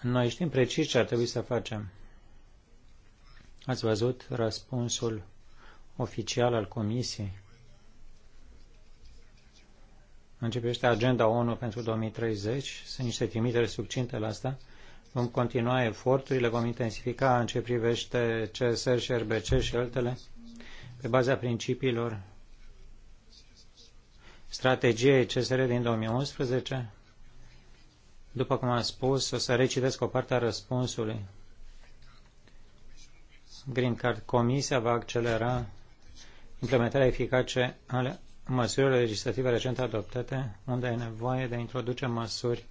Noi știm precis ce ar trebui să facem. Ați văzut răspunsul oficial al Comisiei? Începește agenda ONU pentru 2030. Sunt niște trimitere subcinte la asta. Vom continua eforturile, vom intensifica în ce privește CSR și RBC și altele pe baza principiilor strategiei CSR din 2011. După cum am spus, o să recitesc o parte a răspunsului. Green Card Comisia va accelera implementarea eficace ale măsurilor legislative recent adoptate, unde e nevoie de a introduce măsuri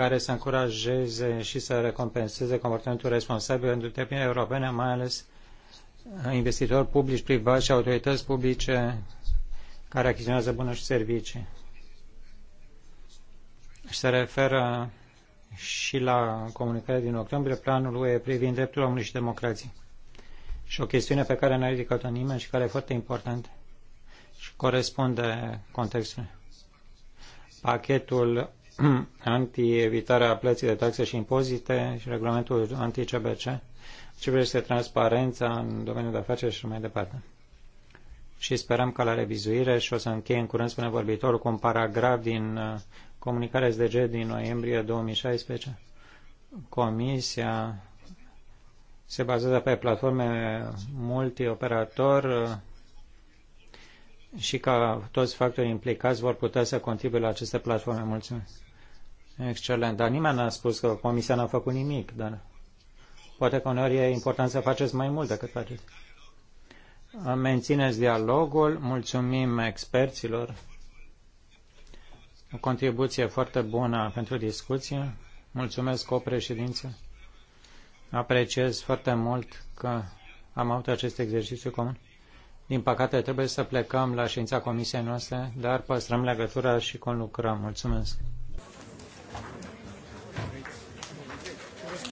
care să încurajeze și să recompenseze comportamentul responsabil în întreprinderile europene, mai ales uh, investitori publici, privați și autorități publice care achiziționează bunuri și servicii. se referă și la comunicarea din octombrie, planul UE privind dreptul omului și democrație. Și o chestiune pe care n-a ridicat-o nimeni și care e foarte importantă și corespunde contextului. Pachetul anti-evitarea plății de taxe și impozite și regulamentul anti-CBC, ce privește transparența în domeniul de afaceri și mai departe. Și sperăm că la revizuire, și o să încheie în curând, spune vorbitorul, cu un paragraf din uh, comunicarea SDG din noiembrie 2016, Comisia se bazează pe platforme multioperator uh, și ca toți factorii implicați vor putea să contribuie la aceste platforme. Mulțumesc. Excelent, dar nimeni n-a spus că Comisia n-a făcut nimic, dar poate că uneori e important să faceți mai mult decât faceți. Mențineți dialogul, mulțumim experților. O contribuție foarte bună pentru discuție. Mulțumesc, copreședință. Apreciez foarte mult că am avut acest exercițiu comun. Din păcate, trebuie să plecăm la ședința comisiei noastre, dar păstrăm legătura și conlucrăm. Mulțumesc!